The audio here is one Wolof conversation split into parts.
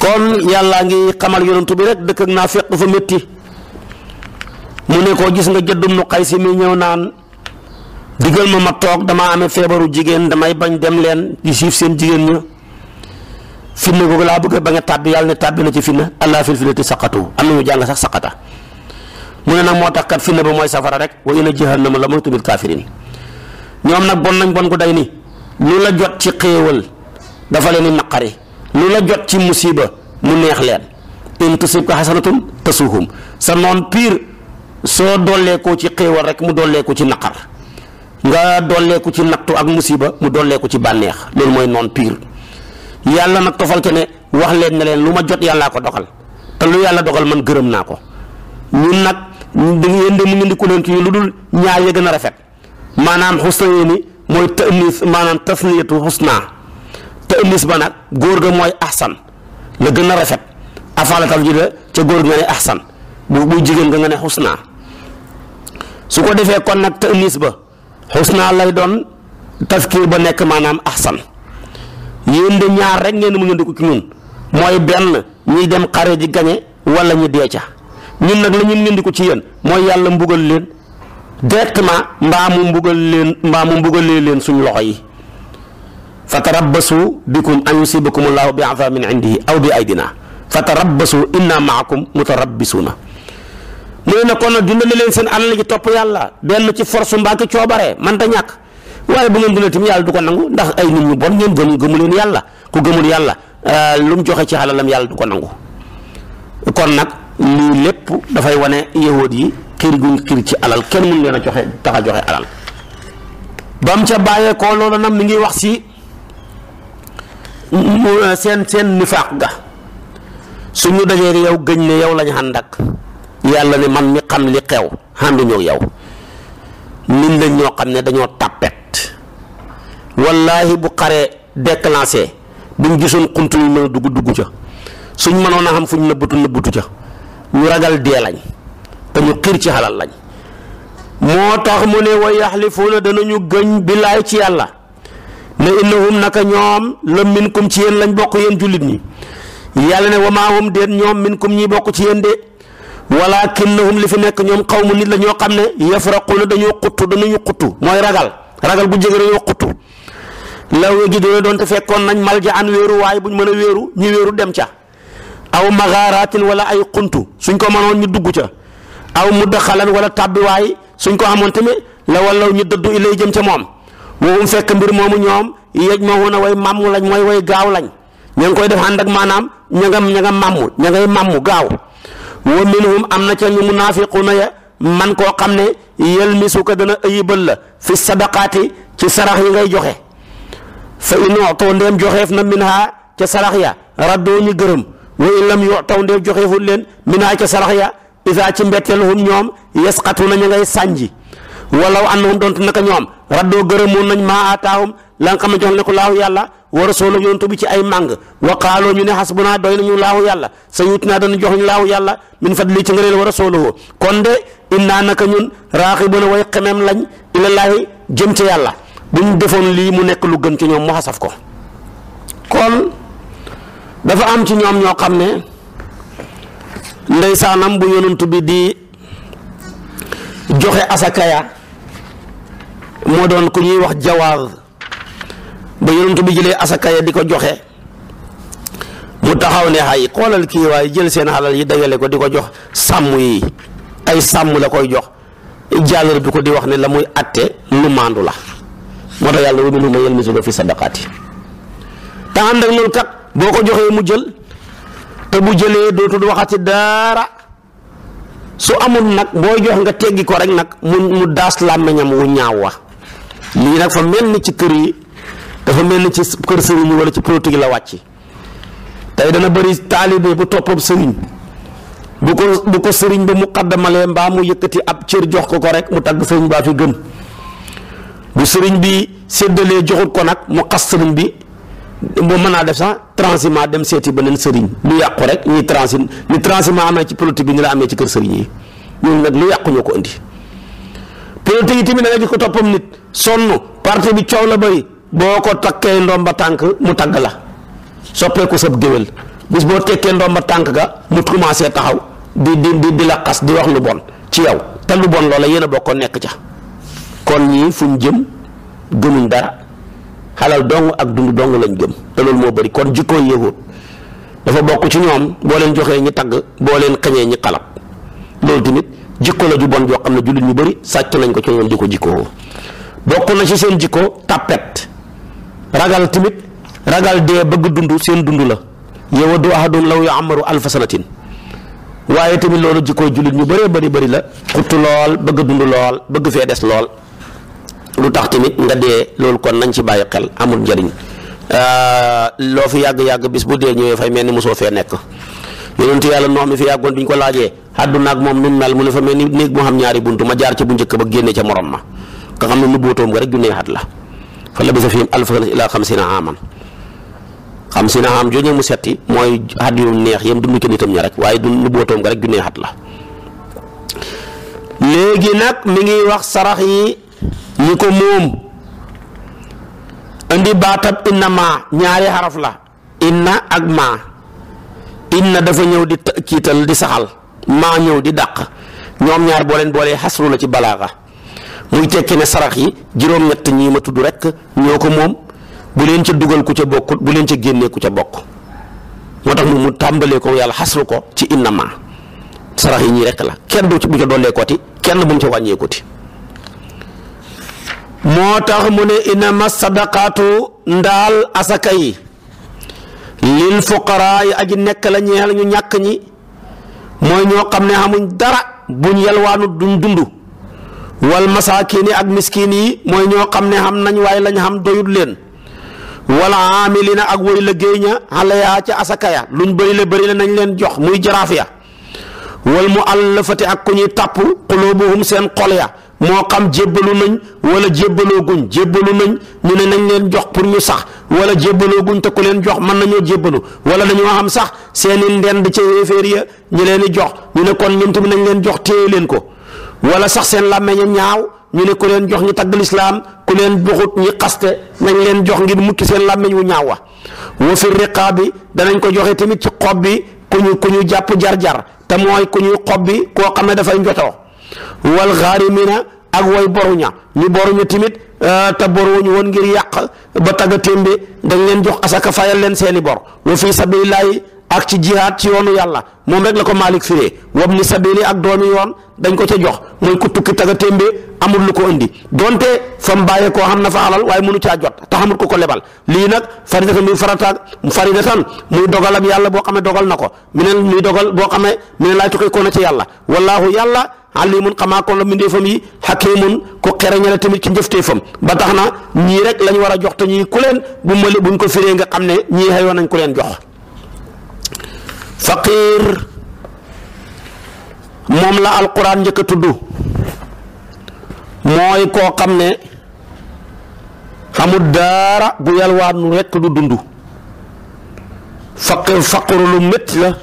kon yàllaa ngi xamal yonantu bi rek dëkk naa fekk dafa métti mu ne ko gis nga jëddum nu xay si mi ñëw naan digal ma ma toog damaa amee feebaru jigéen damay bañ dem leen di siif seen jigéen ña fitna googu laa bëgg ba nga tàbbi yàlla ne tàbbi na ci fitna allah fil fitnati saqatu am na ñu jàng sax saqata mu ne nag moo tax kat fitna ba mooy safara rek wa inna jahannama la muhiitatun bil kaafiriin ñoom nag bon nañ bon ko day ni lu la jot ci xéewal leen di lu la jot ci musiba mu neex leen in tusibka xasanatun tasuhum sa noon pire soo dolleekoo ci xéewal rek mu dolleeku ci naqar nga dolleeku ci nattu ak musiba mu dolleeku ci bànneex loolu mooy noon pire yàlla nag tofal ke ne wax leen ne leen lu ma jot yàllaa ko dogal te lu yàlla dogal man gërëm naa ko ñun nag yéen de mu ngeen di ku leen ci lu dul ñaar ya gën a rafet maanaam xusna yéeni mooy taniis maanaam tasniyatu xusna te ëllis ba nag góor ga mooy ahsan la gën a rafet afaala taf ji la ca góor nga ne ahsan bu bu jigéen ga nga ne xusna su ko defee kon nag te ëllis ba xusna lay doon tafkiir ba nekk maanaam ahsan yéen de ñaar rek ngeen mën a dugg ci ñun mooy benn ñuy dem xare ji gañe wala ñu dee ca ñun nag la ñun ñëndiku ci yéen mooy yàlla mbugal leen directement mbaa mu mbugal leen mbaa mu mbugalee leen suñu loxo yi fa tarabbasu bikum an yusibakum allahu bi azabin indihi aw bi aydina fa tarabbasu inna maakum mutarabbisuuna mu ne na kon nag dundale leen seen alal ji topp yàlla benn ci force mbànk coobare man ta ñàkk waaye bu ngeen dundee tamit yàlla du ko nangu ndax ay nit ñu bon ngeen gëm gëmu leen yàlla ku gëmul yàlla euh, lu mu joxe ci alalam yàlla du ko nangu kon nag lii lépp dafay wane yahuud yi xiir gu xiir ci alal kenn mun leen a joxe tax a joxe alal ba mu ca bàyyeekoo loolu nag mi seen seen nifaaq ga suñu dajee yow gëñ ne yow lañ xànd ak yàlla ne man mi xam li xew xànduñoo yow nit lañ ñoo xam ne dañoo tàppet wallaahi bu xaree déclenché buñ gisoon xunt yu mën a dugg dugg ca suñ mënoon a xam fuñ nëbbatu nëbbatu ca ñu ragal dee lañ te ñu ci xalal lañ moo tax mu ne wa yaxlifuuna danañu gëñ billaay ci yàlla ne innahum naka ñoom la minkum ci yéen lañ bokk yéen jullit ñi yàlla ne wa maa hum déet ñoom minkum ñi bokk ci yéen de walakinnahum li fi nekk ñoom xaw mu nit la ñoo xam ne yafraquuna dañoo xuttu dañuy xuttu mooy ragal ragal bu jege dañoo xuttu law yajiduuna doon te fekkoon nañ malja an wéeru waaye buñ mën a wéeru ñu wéeru dem ca aw maxaaraatin wala ay xuntu suñ ko mënoon ñu dugg ca aw muddaxalan wala tàbbiwaay suñ ko amoon tamit la wallaw ñu dëddu lay jëm ca moom mu fekk mbir moomu ñoom yéeg ma woon a way màmm lañ mooy way gaaw lañ ña ngi koy def ànd ak maanaam ña nga ña nga màmm ña ngay gaaw wa minhum am na ca ñu munaafiquuna na man koo xam ne yelmisuka dana ayibal la fi sadaqaati ci sarax yi ngay joxe fa in utoo ndeem joxeef na minha ca sarax ya raddoo ñu gërëm wa in lam yutaw ndeem joxeeful leen minha ca sarax ya isa ci mbetteel hum ñoom yasqatuna ña ngay sànji walaw annahum dontu naka ñoom raddoo gërëmoon nañ maa aataahum la nga xam ne jox na ko laahu yàlla wa rasuulahu yonent bi ci ay màng wa ñu ne bu hasbunaa doy nañu laahu yàlla sa yuutinaa dana jox ñu laahu yàlla min fadli ci ngëneel wa rasuulahu kon de innaa naka ñun raaxibuuna way xemem lañ ilallaahi jëm ci yàlla bu ñu defoon lii mu nekk lu gën ci ñoom mu xasaf ko kon dafa am ci ñoom ñoo xam ne ndeysaanam bu yonent bi di joxe moo doon ku ñuy wax jawaar ba yonent bi jëlee asaka ya di ko joxe mu taxaw ne xay xoolal kii waaye jël seen alal yi dajale ko di ko jox sàmm yi ay sàmm la koy jox jàllar bi ko di wax ne la muy atte lu maandu la moo tax yàlla waminu ma yel misuna fi sadaqaati te ànd ak loolu kat boo ko joxee mu jël te bu jëlee dootul waxati dara su amul nag booy jox nga teggi ko rek nag mu mu daas làmmiñam wu ñaaw wa lii nag fa mel ni ci kër yi dafa mel ni ci kër sëriñ yi wala ci politique la wàcc tey dana bëri taalibe bu toppam sëriñ bu ko bu ko sëriñ bi mu xaddamalee mbaa mu yëkkati ab cër jox ko ko rek mu tagg sëriñ baa fi gën bu sëriñ bi séddalee joxut ko nag mu xas sëriñ bi mu mën naa def sax transiment dem seeti beneen sëriñ lu yàqu rek ñuy transi ni transiment amee ci politique bi ñu la amee ci kër sëriñ yi ñooñu nag lu yàquñoo ko indi te itamit da nga gis ko toppam nit sonn parti bi coow la bëri boo ko takkee ndomba tànk mu tagg la soppeeku sab géwél bis boo tekkee ndomba tànk ga mu commencé taxaw di di di la xas di wax lu bon ci yow te lu bon loola yéen a bokk nekk ca kon ñii fu ñu jëm gëmuñ dara xalal dong ak dund dong lañ gëm te loolu moo bëri kon jikkooy yëhut dafa bokk ci ñoom boo leen joxee ñi tagg boo leen xañee ñi xalab loolu tamit jikko la ju bon joo xam ne jullit ñu bëri sàcc nañ ko ci ñoom di ko jikkoo na ci seen jikko tàppet ragal tamit ragal dee bëgg seen dund la yawaddu ahadun law yu'ammaru alfa sanatin waaye tamit loolu jikkooy jullit ñu bëree bari bari la xuttu lool bëgg dundu lool bëgg fee des lool lu tax tamit nga dee loolu kon nañ ci bàyyi xel amul njëriñ euh, loo fi yàgg-yàgg bis bu dee ñëwee fay mel ni mosoo fee nekk yonentu yàlla noo mi fi yàggoon bi ñu ko laajee àdduna ak moom nu mel mu ne fa mel ni néeg moo xam ñaari bunt ma jaar ca bu njëkk ba génne ca morom ma nga xam ne nu bóotoom nga rek junnee at la fa labisa fihim alfa sanatin illaa xamsiina aaman xamsiina aam jooju mu setti mooy at yu neex yam dund ca nitam ña rek waaye du nu bóotoom nga rek junnee at la léegi nag mi ngi wax sarax yi ñi ko moom indi baatab inna ma ñaari xaraf la inna ak ma inna dafa ñëw di kiital di saxal maa ñëw di dàq ñoom ñaar boo leen boolee xasru la ci balaaxa muy tekki ne sarax yi juróom-ñett ñi ma tudd rekk ñoo ko moom bu leen ca dugal ku ca bokkut bu leen ca génnee ku ca bokk moo tax mu mu tàmbalee ko yàlla xasru ko ci inna ma sarax yi ñii la kenn du bu ca dollee kooti kenn bu mu ca wàññee moo tax mu ne inna ma sadaqaatu ndaal asaka yi lil fuqaraa yi aji nekk la ñeexal ñu ñàkk ñi mooy ñoo xam ne xamuñ dara buñ yalwaanu duñ dund wal masaakiin yi ak miskiin yi mooy ñoo xam ne xam nañ waaye lañ xam doyut leen wala aamilina ak woy liggéey ña xaleyaa ca asakaya luñ bëri la bëri la nañ leen jox muy jaraaf ya wal mu allafati ak ku ñuy tàpp xuloobuhum seen xol ya moo xam jébbalu nañ wala jébbalooguñ jébbalu nañ mu ne nañ leen jox pour ñu sax wala jébbalooguñ te ku leen jox mën nañoo jébbalu wala dañoo xam sax seeni ndend ca yéeféer ya ñu leen di jox ñu ne kon ñun tamit nañ leen jox téye leen ko wala sax seen làmmeñ a ñaaw ñu ne ku leen jox ñi tagg lislaam ku leen joxut ñi xaste nañ leen jox ngir mukki seen làmmeñ wu ñaaw wa wa fi bi danañ ko joxe tamit ci xob bi ku ñu ku ñu jàpp jar-jar te mooy ku ñuy xob bi koo xam ne dafay njotoo wal xaarimina ak way boruña ñu boruña tamit euh, te boruñu woon ngir yàq ba tagga témbe dañ leen jox asaka fayal leen seeni bor wa fii sabilillahi ak ci jihaad ci yoonu yàlla moom rek la ko Malick firee wabni sabili ak doomi yoon dañ ko ca jox mooy ku tukki taga témbe amul lu ko indi donte fa mu bàyyee koo xam na fa alal waaye mënu caa jot te xamul ko ko lebal lii nag faridatan muy farataag faridatan muy dogalam yàlla boo xam dogal na ko mi ne muy dogal boo xam ne mi ne laay na ci yàlla alimun xamaa kon la mbindeefam yi xakimun ku xereñale tamit ci njëfteefam ba tax na ñii rek lañ war a jox te ñii ku leen bu mali buñ ko firee nga xam ne ñii xëyoon nañ ku leen jox faqir moom la alquran njëkk a tudd mooy koo xam ne amul daara bu yalwaanu rekk du dund faqir faqru lu métti la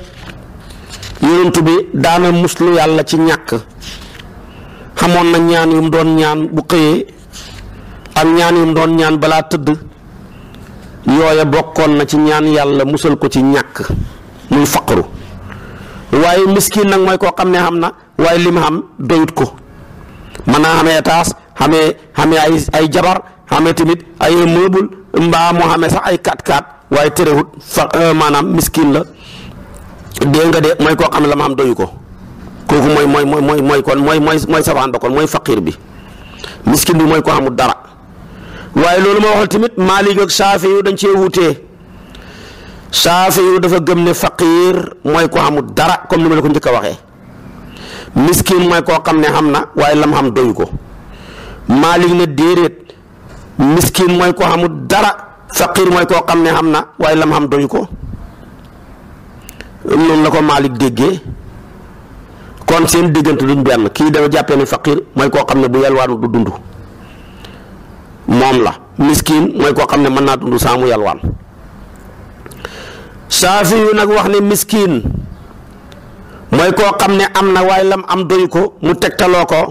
yonent bi daana muslu yàlla ci ñàkk xamoon na ñaan yu doon ñaan bu xëyee ak ñaan yu doon ñaan balaa tëdd yooya bokkoon na ci ñaan yàlla musal ko ci ñàkk muy faqru waaye miskin nag mooy koo xam ne xam na waaye li mu xam doyut ko mën naa xamee taas xamee xamee ay ay jabar xamee tamit ay meuble mbaa moo sax ay 4 x waaye terewut fa euh, maanaam miskin la dégg nga de mooy koo xam ne la ma am doyu ko kooku mooy mooy mooy mooy kon mooy mooy mooy safaan ba kon mooy faqir bi miskin bi mooy ko amul dara waaye loolu ma waxal tamit Maalik ak Saafi yu dañ cee wutee Saafi yu dafa gëm ne faqir mooy ko amul dara comme ni ma la ko njëkk waxee miskin mooy koo xam ne xam na waaye la lam xam doyu ko Maalik ne déedéet miskin mooy ko amul dara faqir mooy koo xam ne xam na waaye la lam xam doyu ko noonu la ko Malick déggee kon seen diggante duñ benn kii dafa jàppee ni faqir mooy koo xam ne bu yalwaanu du dund moom la miskin mooy koo xam ne mën naa dund saa mu yalwaan saafi yu nag wax ne miskin mooy koo xam ne am na waaye lam am doy ko mu tegtaloo ko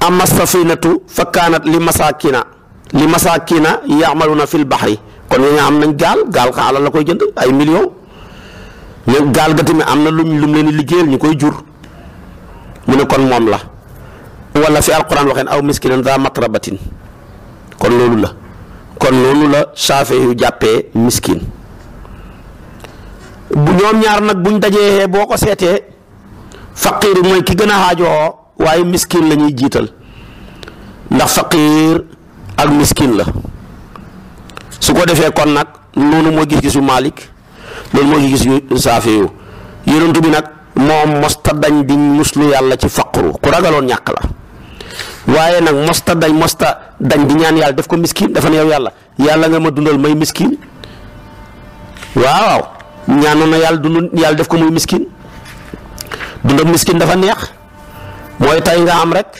amma safinatu fa kaanat li masakina li masakina yaamaluna fil baxri kon ñooñu am nañ gaal gaal xa la koy jënd ay millions léegi gaal ga tamit am na lu lum leen liggéeyal ñu koy jur mu ne kon moom la wala fi alquran waxeen aw miskinan daa matrabatin kon loolu la kon loolu la saafe yu jàppee miskin bu ñoom ñaar nag buñ dajee boo ko seetee faqiir mooy ki gën a xaajoo waaye miskin lañuy jiital ndax faqiir ak miskin la su ko defee kon nag noonu moo gis-gisu Malik loolu moo ngi gis yu saafe yu bi nag moom mosta dañ di muslu yàlla ci faqru ku ragaloon ñàkk la waaye nag mosta dañ mosta dañ di ñaan yàlla def ko miskin dafa ne yàlla yàlla nga ma dundal may miskin waaw na yàlla dund yàlla def ko muy miskin dundam miskin dafa neex mooy tay nga am rek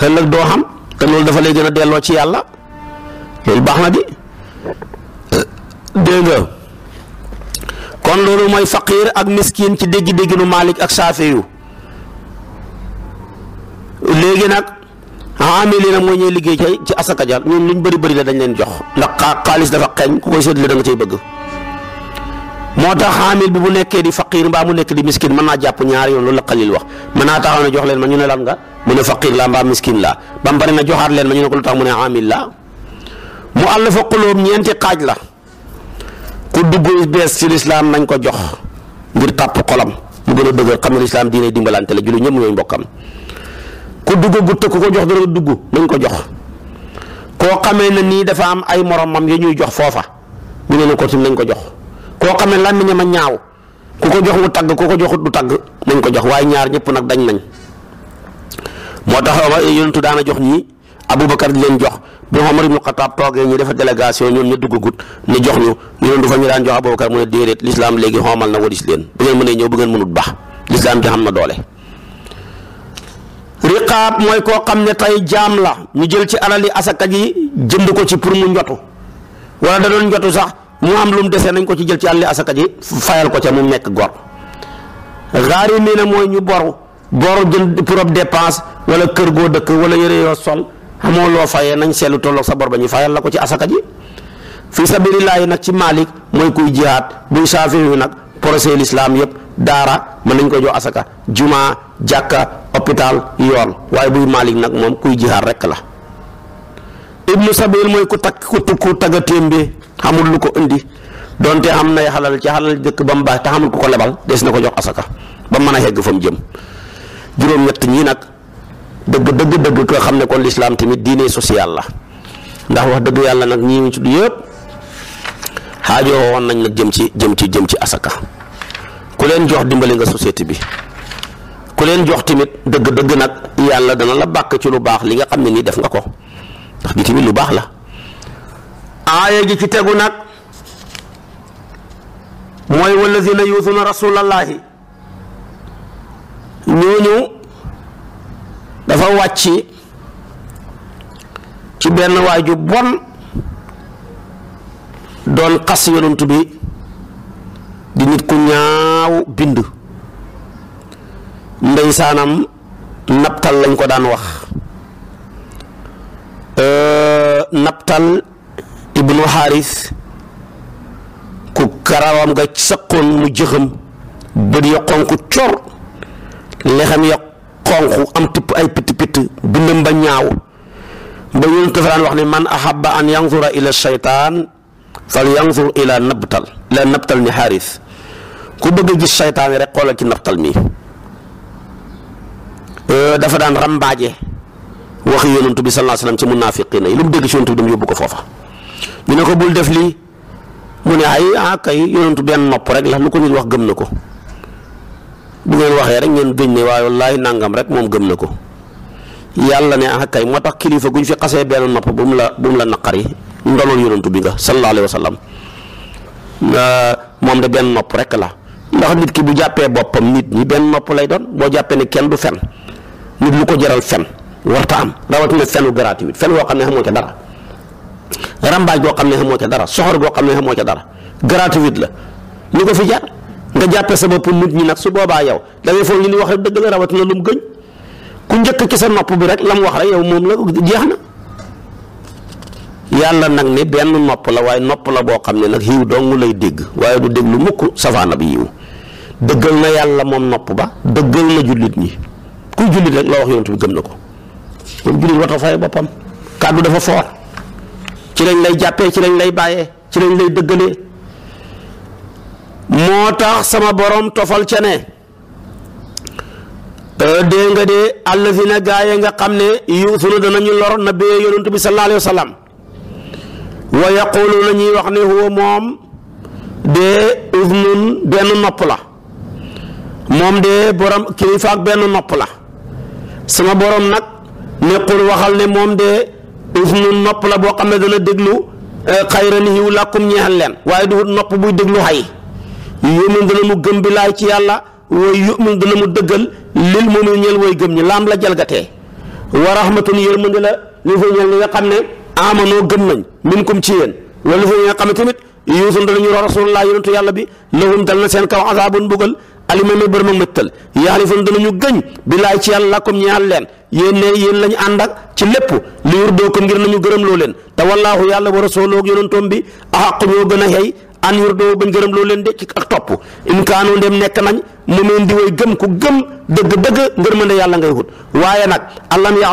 ëllëg doo xam te loolu dafa lay gën a delloo ci yàlla loolu baax na di dégg kon loolu mooy faqiir ak miskin ci dégg-dégginu Malik ak Saafiyu léegi nag amilina mooy ñëw liggéey ci ci asaka ja ñoom luñ bari bari la dañ leen jox ndax xaalis dafa xeeñ ku koy séddale da nga cay bëgg moo tax amil bi bu nekkee di faqiir mbaa mu nekk di miskin mën naa jàpp ñaari yoon loolu la xalil wax mën naa taxaw ne jox leen ma ñu ne lan nga mu ne faqiir laa mbaa miskin laa ba mu bari na joxaat leen ma ñu ne ko lu tax mu ne amil laa mu àll fa quloob ñeenti xaaj la. ku dugg bees ci lislaam nañ ko jox ngir tàpp xolam mu gën a dëgër xam ne lislaam diine dimbalante la jullit ñëpp ñooy mbokkam ku dugg gu tëkk ko jox dara dugg nañ ko jox koo xamee ne nii dafa am ay moromam yu ñuy jox foofa ñu ne na ko tim ko jox koo xamee làmmiñam a ñaaw ku ko jox mu tagg ku ko joxut du tagg nañ ko jox waaye ñaar ñëpp nag dañ nañ moo tax yonentu daana jox nii Aboubacar di leen jox bi Omar mu Xataab toogee ñu defar délégation ñoom ñu duggagut ñu jox ñu ñu doon du fa ñu daan jox Aboubacar mu ne déedéet lislaam léegi xoomal na wadis leen bu ngeen mënee ñëw bu ngeen mënut baax lislaam ji xam na doole. riqaab mooy koo xam ne tey jaam la ñu jël ci alali asaka ji jënd ko ci pour mu njotu wala da doon sax mu am lu mu desee ko ci jël ci alali asaka ji fayal ko ca mu nekk gor xaari mii na mooy ñu boru boru jënd pour ab dépense wala kër goo dëkk wala yëre yoo sol amoo loo fayee nañ seetlu tolloog sa bor ba ñu fayal la ko ci asaka ji fi sabilillaahi nag ci Malik mooy kuy jihaad buy saafiru nag projet lislaam yëpp daara mën nañ ko jox asaka jumaa jàkka hôpital yoon waaye buy Malik nag moom kuy jihaad rekk la ibnu sabil mooy ku takk ku tukku tagga témbe xamul lu ko indi donte am nay xalal ci xalal dëkk ba mu baax te xamul ku ko lebal des na ko jox asaka ba mën a xegg fa mu jëm juróom-ñett ñii nag dëgg dëgg dëgg ko xam ne kon lislaam tamit diine social la ndax wax dëgg yàlla nag ñii ñu ci yëpp xaajoo woon nañ nag jëm ci jëm ci jëm ci asaka ku leen jox dimbali nga société bi ku leen jox tamit dëgg dëgg nag yàlla dana la bàkk ci lu baax li nga xam ne nii def nga ko ndax bi tamit lu baax la aaya ji ci tegu nag mooy wallazina yuusuna rasulallahi ñooñu dafa wàcc ci benn waay ju bon doon xas yonent bi di nit ku ñaaw bind ndeysaanam naptal lañ ko daan wax euh, naptal ibnu xaaris ku karawam nga sëqoon mu jëxam bët ya xonq cor lexam ya xonq am tipp ay pitt pitt bindam ba ñaaw ba yonent dafa daan wax ne man ahabba an yanzura ila shaytaan fal yanzur ila nabtal ila nabtal ni xaaris ku bëgg a gis shaytaan rek xoolal ci nabtal mi euh, dafa daan rambaaje waxi yonent bi sallallahu alayhi wasallam ci munaafiqiina yi lu mu dégg ci yonent bi dem yóbbu ko foofa ñu ne ko bul def lii mu ne ay ah kay yonent benn nopp rek la lu ko nit wax gëm na ko. bu ngeen waxee rek ngeen gëñ ne waaye wallaahi nangam rek moom gëm na ko yàlla ne ah kay moo tax kilifa gu guñ fi xasee benn nopp bu mu la bu mu la naqari ndonol yonantu bi nga sallallahu alayhi wa sallam moom de benn nopp rek la ndax nit ki bu jàppee boppam nit ñi benn nopp lay doon boo jàppee ne kenn du fen nit lu ko jaral fen warta am rawatina fenu gratuit fen woo xam ne xamoo ca dara rambaaj goo xam ne xamoo ca dara soxor goo xam ne xamoo ca dara gratuit la nga jàppe sa bopp nit ñi nag su boobaa yow dangay ngay foog ñu ni wax rek dëgg rawat na lu mu gëñ ku njëkk ci sa nopp bi rek la mu wax rek yow moom la jeex na yàlla nag ne benn nopp waaye nopp la boo xam ne nag yiw dong lay dégg waaye du déglu mukk safaana bi yiw dëggal na yàlla moom nopp ba dëggal na jullit ñi kuy jullit rek la wax yonent bi gëm na ko moom jullit war a fay boppam kàddu dafa foor ci lañ lay jàppee ci lañ lay bàyyee ci lañ lay dëggalee moo tax sama borom tofal ca ne dégg nga àll ne gaa gaaye nga xam ne yuusuna danañu lor nabiyee yonantu bi sallallahu alayhi wa sallam wa yaquluuna ñuy wax ne huwa moom de uznun benn nopp la moom de borom ak benn nopp la sama borom nag nekkul waxal ne moom de uznun nopp la boo xam ne dana déglu eh, xayran yiw làkkum ñeexal leen waaye du nopp buy déglu xay yumin dana mu gëm bi laay ci yàlla way yumin dana mu dëggal lil moomin ñel way gëm ñi laam la jalgatee wa rahmatun yërmande la li fa ñel ñi nga xam ne amanoo gëm nañ min kum ci yéen wa li fa ñi nga xam ne tamit yuusun danañu ro rasulullah yonentu yàlla bi lahum dal na seen kaw azaabun bugal alimami bër ma mëttal yaalifun ñu gëñ bi laay ci yàlla comme ñaal leen yéen ne yéen lañu ànd ak ci lépp li yurdoo ko ngir nañu gërëm loo leen te wallaahu yàlla wa rasuloo ak yonentoom bi axaqu gën a xëy an yurdoo bañ gërëm loo leen de ak topp in kaanu ndem nekk nañ mu meen di way gëm ku gëm dëgg-dëgg ngërmande yàlla ngay wut waaye nag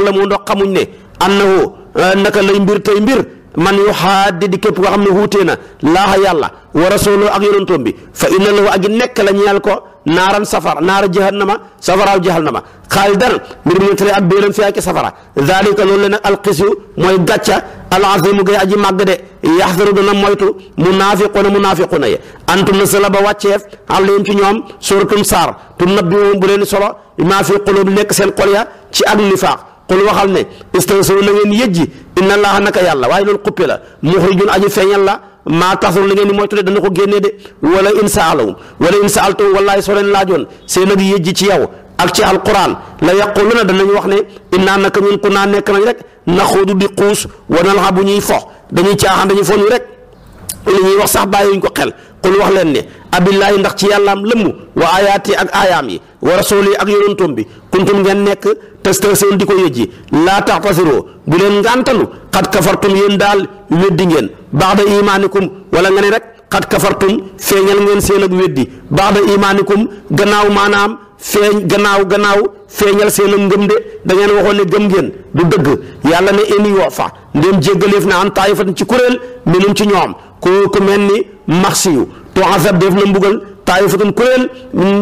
la mu ndox xamuñ ne annahu euh, naka lay mbir tey mbir man yu xaaddi di képp koo xam ne wuutee na laax yàlla wa rasuloo ak yonantoom bi fa inna lahu aji nekk la ñeel ko naaran safara naara jahannama safaraaw jahannama xaalidan mbir mu tale ab biiram fi ak safara zalika loolu la nag alxisiw mooy gàcca alazimu gay aji màgg de yaxdaru dana moytu munaafiquna munaafiquna ye antum na sala ba wàcceef alayhim ci ñoom suratum saar tunabbiwum bu leen solo maa fi qulub nekk seen xol ya ci ak nifaaq qul waxal ne istawsaw na ngeen yëjji inna allaha naka yàlla waaye loolu xuppe la muxrijun aji feeñal la maa taxaru li ngeen di moytu de dana ko génnee de wala in saalahum wala in saaltahum wallaahi soo leen laajoon seen ak yëjji ci yow ak ci alquran la yaquluna danañ wax ne innaa naka ñun ku naa nekk nañ rek naxuudu di xuus wa nalhabu ñuy fox dañuy caaxaan dañuy foñu rek ñuy wax sax bàyyiwuñ ko xel qul wax leen ne abillaahi ndax ci yàllaam lëmm wa ayaati ak aayaam yi wa rasuuli ak yonantoom bi kuntum ngeen nekk te seen di ko yëjji laa taxtasiroo bu leen ngàntalu xat kafartum yéen daal weddi ngeen baxda imaanikum wala nga ne rek xat kafartum feeñal ngeen seen ak weddi baxda imaanikum gannaaw maanaam feeñ gannaaw gannaaw feeñal seen ak ngëm de da ngeen waxoon ne gëm ngeen du dëgg yàlla ne eni yoo fa ndéem jéggaleef na an taayifatan ci kuréel minum ci ñoom ko ku mel ni maxsiyu to asab def na mbugal taayifatun kuréel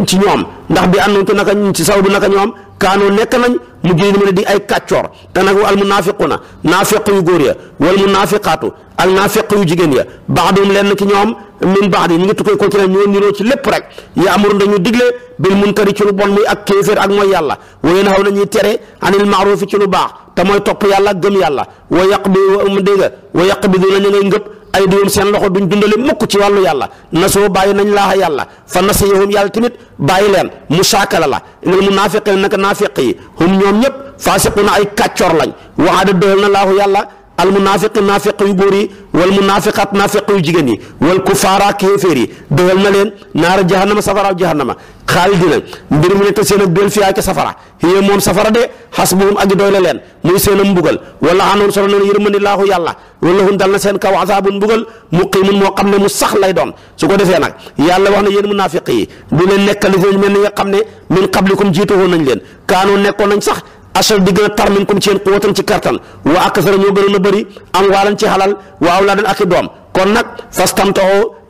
ci ñoom ndax bi àndoon naka ci saw bu naka ñoom kaanoo nekk nañ mu jëy mu ne di ay kàccoor te nag wa al munaafiquuna naafiq yu góor ya wal munaafiqaatu ak naafiq yu jigéen ya baaduum lenn ki ñoom min baadi ñu ngi tukkee ko ci ne ñoo niroo ci lépp rek yaamuru dañu digle bil munkari ci lu bon muy ak kéeféer ak mooy yàlla wa yanhaw na ñuy tere anil maarufi ci lu baax ta mooy topp yàlla ak gëm yàlla wa yàq bi wa dégg nga wa yàq bi dina ñu ngay ngëpp ay diwum seen loxo duñ dundale mukk ci wàllu yàlla nasoo bàyyi nañ laaxa yàlla fa nasa yowum yàlla tamit bàyyi leen mu saakala la mu naafiqi naka naafiq yi hum ñoom ñëpp faasiquna ay kàccoor lañ waxaada dëhal na laaxu yàlla al munaafiq naafiq yu góor yi wal munaafiqaat naafiq yu jigéen yi wal kufaara kéeféer yi dëgal na leen naara jahannama safaraaw jahannama xaalidina mbir mu ne te seen ak duel fiyaa ca safara hiya moom safara de xasbuhum ak doy la leen muy seen am mbugal wala anoon solo noonu yërmandi laahu yàlla wala hun dal na seen kaw azaabun mbugal muqiimun moo xam ne mu sax lay doon su ko defee nag yàlla wax na yéen munaafiq yi du leen nekkal li mel ni nga xam ne min qablikum jiitu woon nañ leen kaanoo nekkoon nañ sax asal di gën a tar min comme ci yéen quwatan ci kartan wa akthara ñoo gënoon a bëri am waalan ci xalal waaw laa dan ak i doom kon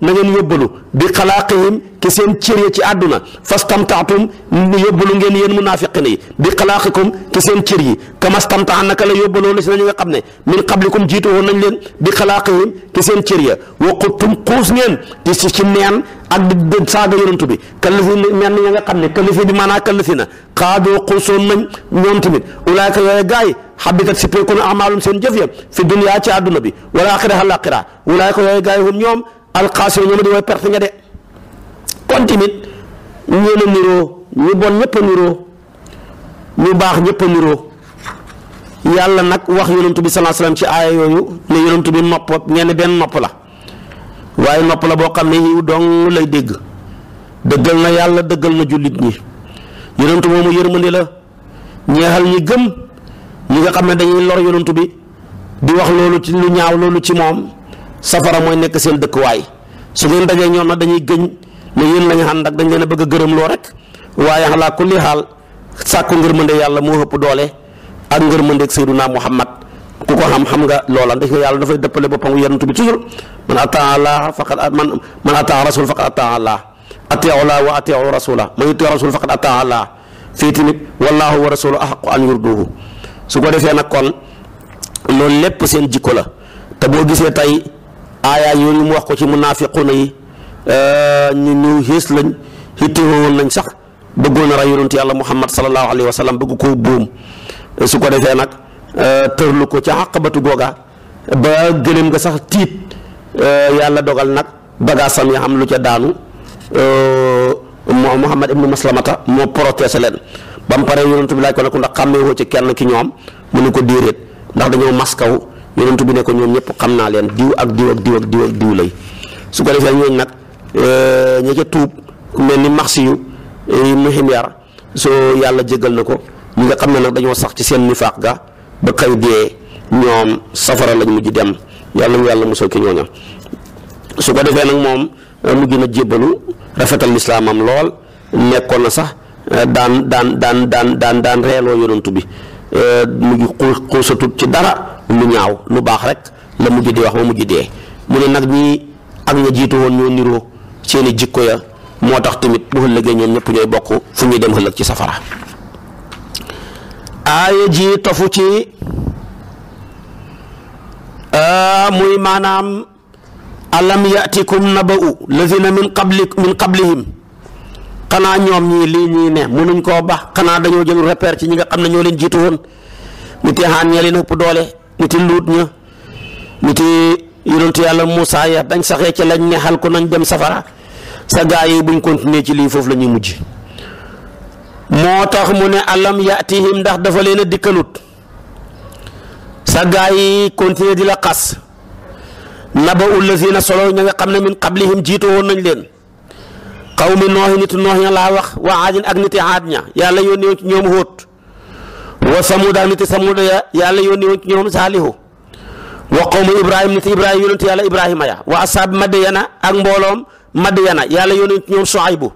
na ngeen yóbbalu bi xalaaqihim ki seen cër ya ci àdduna fastamtaatum yóbbalu ngeen yéen munaafiqin yi bi xalaaqikum ki seen cër yi kamastamtaa naka la yóbbaloo la si nañu nga xam ne min qablikum jiitu woon nañ leen bi xalaaqihim ki seen cër ya waquttum xuus ngeen di si ci neen ak di saaga yonent bi kalifi mel ni nga xam ne kalifi bi maanaa kalifi na xaadoo xuusoon nañ ñoom tamit ulaayka yooyu gaay xabitat si peekoon amaalum seen jëf ya fi duniyaa ci àdduna bi wala axira al axira ulaayka yooyu gaay hum ñoom alxaasiro ñoo ma di mooy perte nga de kon tamit ñoo la niroo ñu bon ñëpp a niroo ñu baax ñëpp a niroo yàlla nag wax yonantu bi salaa salaam ci aaya yooyu ne yonantu bi nopp ngeen benn nopp la waaye nopp la boo xam ne yiw dong lay dégg dëggal na yàlla dëggal na jullit ñi yonantu moomu yërmande la ñeexal ñi gëm ñi nga xam ne dañuy lor yonantu bi di wax loolu lu ñaaw loolu ci moom safara mooy nekk seen dëkkuwaay su ngeen dajee ñoom na dañuy gëñ ne yéen lañu ànd ak dañ leen a bëgg gërëm loo rek waaye xalaa kulli xaal sàkku ngërmande yàlla moo ëpp doole ak ngërmandeeg Seydunaa Muhammad ku ko xam-xam nga loola ndax yàlla dafay dëppale boppam yonent bi toujours man ataa Allah faqad man man ataa rasul faqad ataa Allah atiu laa wa atiu rasula man yuti rasul faqad ataa Allah fii tamit wallaahu wa rasulu ahaqu an yurduhu su ko defee nag kon loolu lépp seen jikko la te boo gisee tey aaya yooyu mu wax ko ci na yi euh, ñu ñu xées lañ xittiwoon lañ sax bëggoon a rey yonent yàlla muhammad sallallahu alayhi wa sallam bëgg koo buum su ko defee nag euh, tërlu ko ca xaqabatu googa ba gëléem nga sax tiit euh, yàlla dogal nag bagaasam ya xam lu ca daanu moo muhammad ibnu maslamata moo protesté leen ba mu paree yonent bi laaj ko ne ko ndax xàmmeewoo ci kenn ki ñoom mu ne ko déedéet ndax dañoo maskaw yonent bi ne ko ñoom ñëpp xam naa leen diw ak diw ak diw ak diw ak diw lay su ko defee ñooñu nag euh, ña ca mel ni max yu mu euh, ximyar yàlla jégal na ko ñi nga xam ne nag dañoo sax ci seen nifaaq ga ba safara lañ mujj dem yàlla ñu yàlla mosoo ki ñooña su ko defee nag moom euh, mujj na jébbalu rafetal lislaamam lool nekkoon na sax daan daan daan daan daan daan reeloo yonantu bi mujj xuusatut ci dara lu ñaaw lu baax rek la mujj di wax ma mujj dee mu ne nag ñii ak ña jiitu woon ñoo niroo seeni jikko ya moo tax tamit bu ëllëgee ñoom ñëpp ñooy bokk fu ñuy dem ëllëg ci safara aaya ji tofu ci muy maanaam alam yatikum naba'u lazina min qabli min qablihim xanaa ñoom ñii lii ñii ne mënuñ koo baax xanaa dañoo jël repère ci ñi nga xam na ñoo leen jiitu woon mu teexaan ñee leen doole niti luut ña niti yonentu yàlla Moussa ya dañ saxee ci lañ neexal xal ko nañ dem safara sa gaa yi buñ continuer ci lii foofu lañuy mujj moo tax mu ne alam yaatihim ndax dafa leen a dikkalut sa gaa yi continuer di la xas naba ullazina solo ña nga xam ne min qablihim jiitu woon nañ leen xaw mi nooxi nitu noox ña laa wax waa aadin ak nit niti aad ña yàlla yónnee ñoom xóot wa samuuda ak nit samuuda ya yàlla yónni woon ci ñoom saalihu wa qawmu ibrahim nit ibrahim yónent yàlla ibrahima ya wa ashaab madyana ak mbooloom madyana yàlla yónni ci ñoom suaybu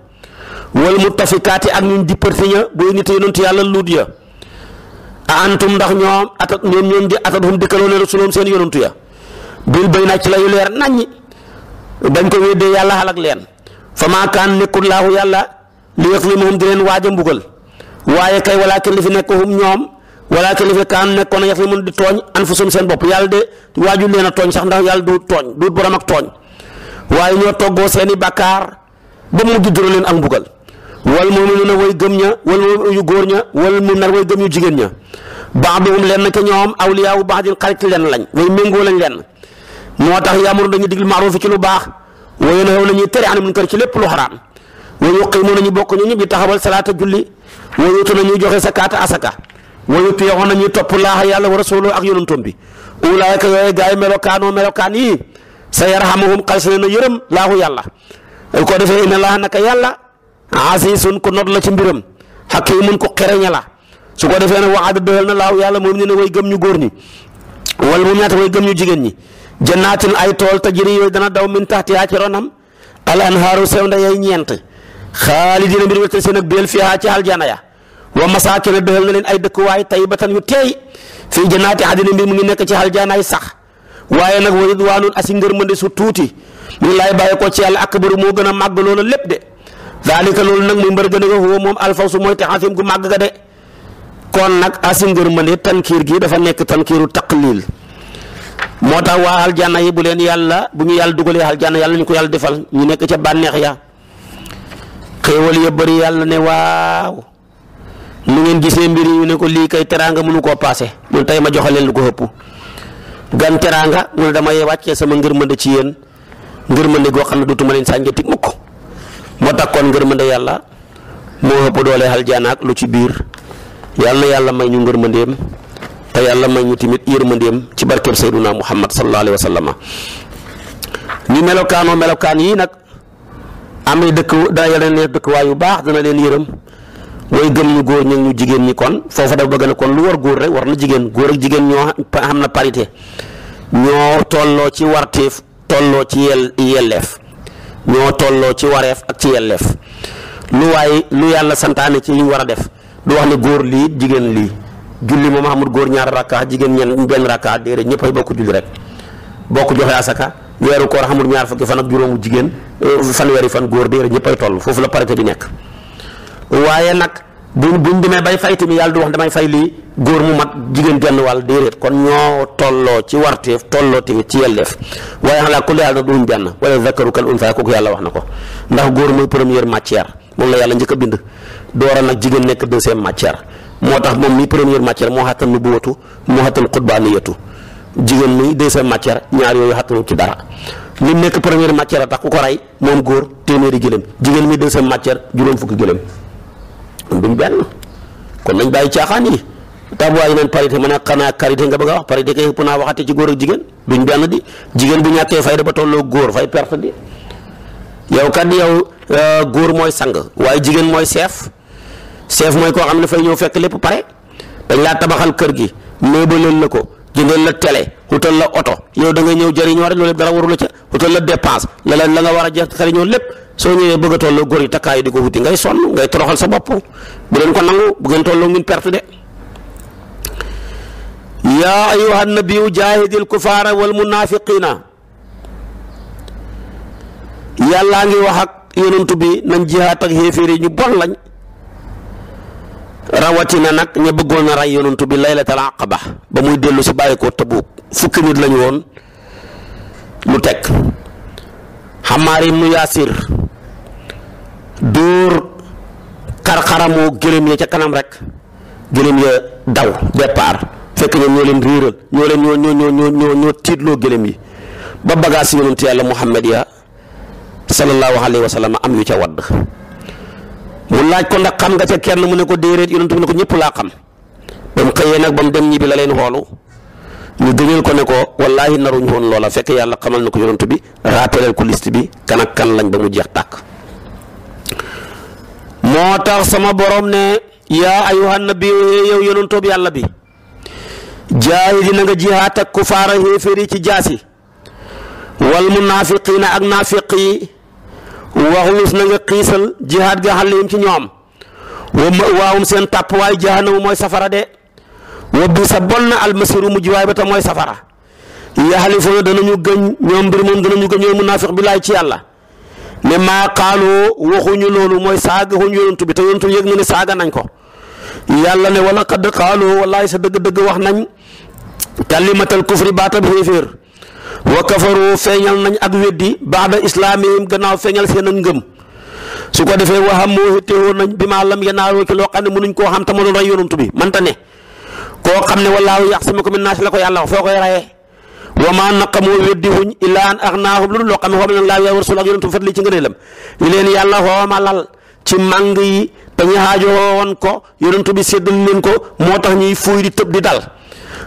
wal muttafikaati ak ñun dipparte ña booy nit yónent yàlla luut ya a antum ndax ñoom atat ñoom ñoom di atat hum dikkaloo ne rasuloom seen yónentu ya bil bay naa ci la yu leer naññi bañ ko weddee yàlla xalak leen fa nekkul laahu yàlla li yaslimahum di leen waaj a waaye kay walaakin li fi nekk hum ñoom walaakin li fi kaan nekkoon yax li mun di tooñ anfusum seen bopp yàlla de waaju leen a tooñ sax ndax yàlla du tooñ du borom ak tooñ waaye ñoo toggoo seeni bakkaar ba mu juddura leen ak mbugal wal mu'minuuna way gëm ña wal mu'minuuna yu góor ña wal mu'minaat way gëm yu jigéen ña baax bi ba'duhum leen ca ñoom awliyaawu ba'din xarit leen lañ way méngoo lañ leen moo tax ya'muru dañuy diglu ma'ruuf ci lu baax wa yanhawna ñuy tere anil munkar ci lépp lu xaraam wa ñu bokk ñu ñëpp di taxawal salaata julli wayutu na ñuy joxe sa sakaata asaka wayutu yoxoon na ñuy topp laaxa yàlla war wa rasuloo ak yonantom bi ulaayka yooyu gaa yi melokaanoo melokaan yi sa yarhamuhum xal sene na yërëm laaxu yàlla ko defee ina laaxa naka yàlla asisun ko not la ci mbiram xakimun ko xereña la su ko defee nag waxaada doxal na laaxu yàlla moom ñu ne way gëm ñu góor ñi wal mu ñaata way gëm ñu jigéen ñi jannaatin ay tool tajiri yooyu dana daw min taxtihaa ci ronam al anhaaru sewnda yay ñeent xaalidina mbir wétal seen ak béel fiha ci aljana ya wa masaakina doxal na leen ay dëkkuwaay tayyibatan yu teey fii jannaati xadina mbir mu ngi nekk ci yi sax waaye nag wa ridwaanun asi ngërmande su tuuti ñu laay bàyyi ko ci yàlla akbaru moo gën a màgg loola lépp de daalika loolu nag muy mbër gën a nga huwa moom alfawsu mooy taxaafim gu màgg ga de kon nag asi ngërmande tankiir gi dafa nekk tankiiru taqlil moo tax waa aljanna yi bu leen yàlla bu yàlla dugalee aljanna yàlla ñu ko yàlla defal ñu nekk ca bànneex ya xéewal ya bëri yàlla ne waaw nu ngeen gisee mbir yi ne ko lii kay teraanga mënu koo paase mun tey ma joxe leen lu ko ëpp gan teraanga mu ne damay wàccee sama ngërmande ci yéen ngërmande goo xam ne dootuma leen sànjati mukk moo tax kon ngërmande yàlla moo ëpp doole aljana ak lu ci biir yàlla yàlla may ñu ngërmandeem te yàlla may ñu tamit yërmandeem ci barkeb sayduna muhammad sallallahu alayhi wa sallam ni melokaanoo melokaan yii nag am na dëkk dana leen dëkk dëkkwaay yu baax dana leen yërëm way gëm ñu góor ñi ñu jigéen ñi kon foofa dafa bëgg na kon lu war góor rek war na jigéen góor ak jigéen ñoo xam na parité ñoo tolloo ci warteef tolloo ci yel yelleef ñoo tolloo ci wareef ak ci yelleef lu waaye lu yàlla santaane ci ñu war a def du wax ne góor lii jigéen lii julli moom amul góor ñaari rakka jigéen ñen benn rakka déedéet ñëpp ay bokk julli rek bokk joxe asaka weeru koor xamul ñaar fukki fan ak juróomu jigéen euh, fanweeri fan góor déer ñëppay toll foofu la parité bi nekk waaye nag bu buñ demee bay fay tamit yàlla du wax damay fay lii góor mu mat jigéen genn wàll déedéet kon ñoo tolloo ci warteef tolloo tamit ci yelleef waaye xanaa ku yàlla na benn wala zakaru kal unsa yàlla wax na ko ndax góor mooy première matière moom la yàlla njëkk a bind doora nag jigéen nekk deuxième matière moo tax moom mi première matière moo xattal nubuwatu moo xattal xutbaaniyatu jigéen muy deuxième matière ñaar yooyu xattanu ci dara li nekk première matière tax ku ko rey moom góor téeméeri gëléem jigéen mi deuxième matière juróom fukki gëléem duñ benn kon nañ bàyyi caaxaan yi tabuwaay neen parité man a xanaa karité nga bëgg a wax parité kay pour naa waxate ci góor ak jigéen duñ benn di jigéen bu ñàkkee fayda ba tolloo góor fay perte di yow kat yow euh, góor mooy sang waaye jigéen mooy chef chef mooy koo xam ne fay ñëw fekk lépp pare dañ laa tabaxal kër gi méebalal la ko jëndal la télé wutal la oto yow da nga ñëw jëriñoo rek loolu dara waru la ca wutal la dépense la la la nga war a jël xariñoo lépp soo ñëwee bëgg a tolloo góor yi takkaay di ko wuti ngay sonn ngay toroxal sa bopp bu leen ko nangu bu ngeen tolloo ngeen perte de yaa ayyuhan nabiyyu jaahidil kufaara wal munaafiqiina yàllaa ngi wax ak yonent bi nañ jihaat ak xéeféer yi ñu bon lañ rawatina nag ña bëggoon a rey yonantu bi laylatal aqaba ba muy dellu si bàyyi ko Tabuk fukki nit lañu woon mu teg Xamaar ibnu Yaasir dóor xarxaramoo gërëm ya ca kanam rek gërëm ya daw départ fekk ñoom ñoo leen réeral ñoo leen ñoo ñoo ñoo ñoo ñoo tiitloo gërëm yi ba bagaas yonantu yàlla Muhammad ya sallallahu alayhi wa am yu ca wadd mu laaj ko ndax xam nga ca kenn mu ne ko déeréet yonent bi ne ko ñëpp laa xam ba mu xëyee nag ba mu dem ñibbi la leen xoolu mu dëgal ko ne ko wallaahi naruñu woon loola fekk yàlla xamal na ko yonent bi rappeleel ko liste bi kan kan lañ ba mu jeex tàkk moo tax sama borom ne yaa ayuhan nabi eh, yow yonentoob yàlla bi jaahidi na nga jihaat ak kufaara xéeféer yi ci jaasi wal munaafiqiina ak naafiq yi waxulus na nga xiisal jihaad ga xàllim ci ñoom wa waawum seen tàppuwaay jahannama mooy safara de wa bi sa bon na almasiru mujj waay ba te mooy safara yaxalifuuna danañu gëñ ñoom mbir moom danañu gëñ ñooy bi billaay ci yàlla ne maa xaaloo waxuñu loolu mooy saaga xuñ yonantu bi te yonantu yëg na ne saaga nañ ko yàlla ne wala xadd xaaloo wallaay sa dëgg-dëgg wax nañ kalimatal kufri baatab xéeféer wa kafaru feeñal nañ ak weddi baada islaamihim gannaaw feeñal seen ak ngëm su ko defee waxam moo xittewoon nañ bi maa lam yanaaru ci loo xam ne mënuñ koo xam te ma doon rey yonantu bi manta ne koo xam ne wallaahu yaxsimuka min naas la ko yàlla foo koy rayee wa maa naqamoo weddi wuñ illaa an agnaahum lu loo xam ne xoomal na laa yaa war sul ak yonantu bi fat li ci ngëneelam li leen yàlla xoomalal ci màng ko moo tax ñuy fuuy di tëb di dal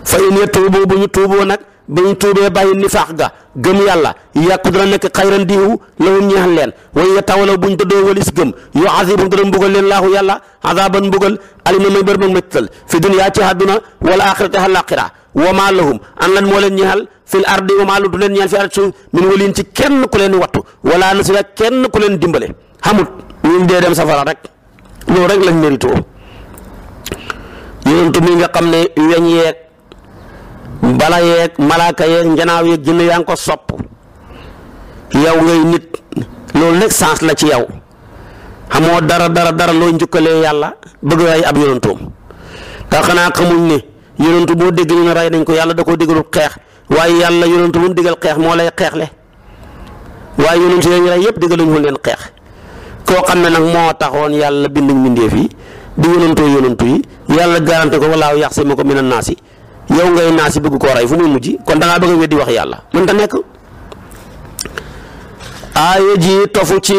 fa in yatuubu bu ñu tuuboo nag ba ñu tuubee bàyyi nifaax ga gëm yàlla yàqu dana nekk xayran diiw lahum ñeexal leen way ya tawalaw buñ dëddoo walis gëm yoo azibum dana mbugal leen laahu yàlla azaban mbugal alima may bër mag méttal fi dunya ci àdduna wala axirati àllaaxira wa maa lahum an lan moo leen ñeexal fil ardi wa maa lu du leen ñeexal fi ardi suuf min waliin ci kenn ku leen wattu wala nasira kenn ku leen dimbale xamut ñu dee dem safara rek loolu rek lañ mérito yonentu mi nga xam ne weñ bala yeeg malaaka yeeg njanaaw yeeg jënn yaa ngi ko sopp yow ngay nit loolu nag sens la ci yow xamoo dara dara dara loo njukkalee yàlla bëgg rey ab yonantoom nga xanaa xamuñ ne yonantu boo dégg ñu ne rey ko yàlla da koo déggalul xeex waaye yàlla yonantu lu mu digal xeex moo lay xeexle waaye yonantu yi ñu rey yëpp déggaluñ ko leen xeex koo xam ne nag moo taxoon yàlla binduñ mbindeef yi di yonantoo yonantu yi yàlla garante ko walaaw yàq si ma ko mën a yow ngay naa si bëgg koo rey fu muy mujj kon da ngaa bëgg a weddi wax yàlla mën ta nekk aaya ji tofu ci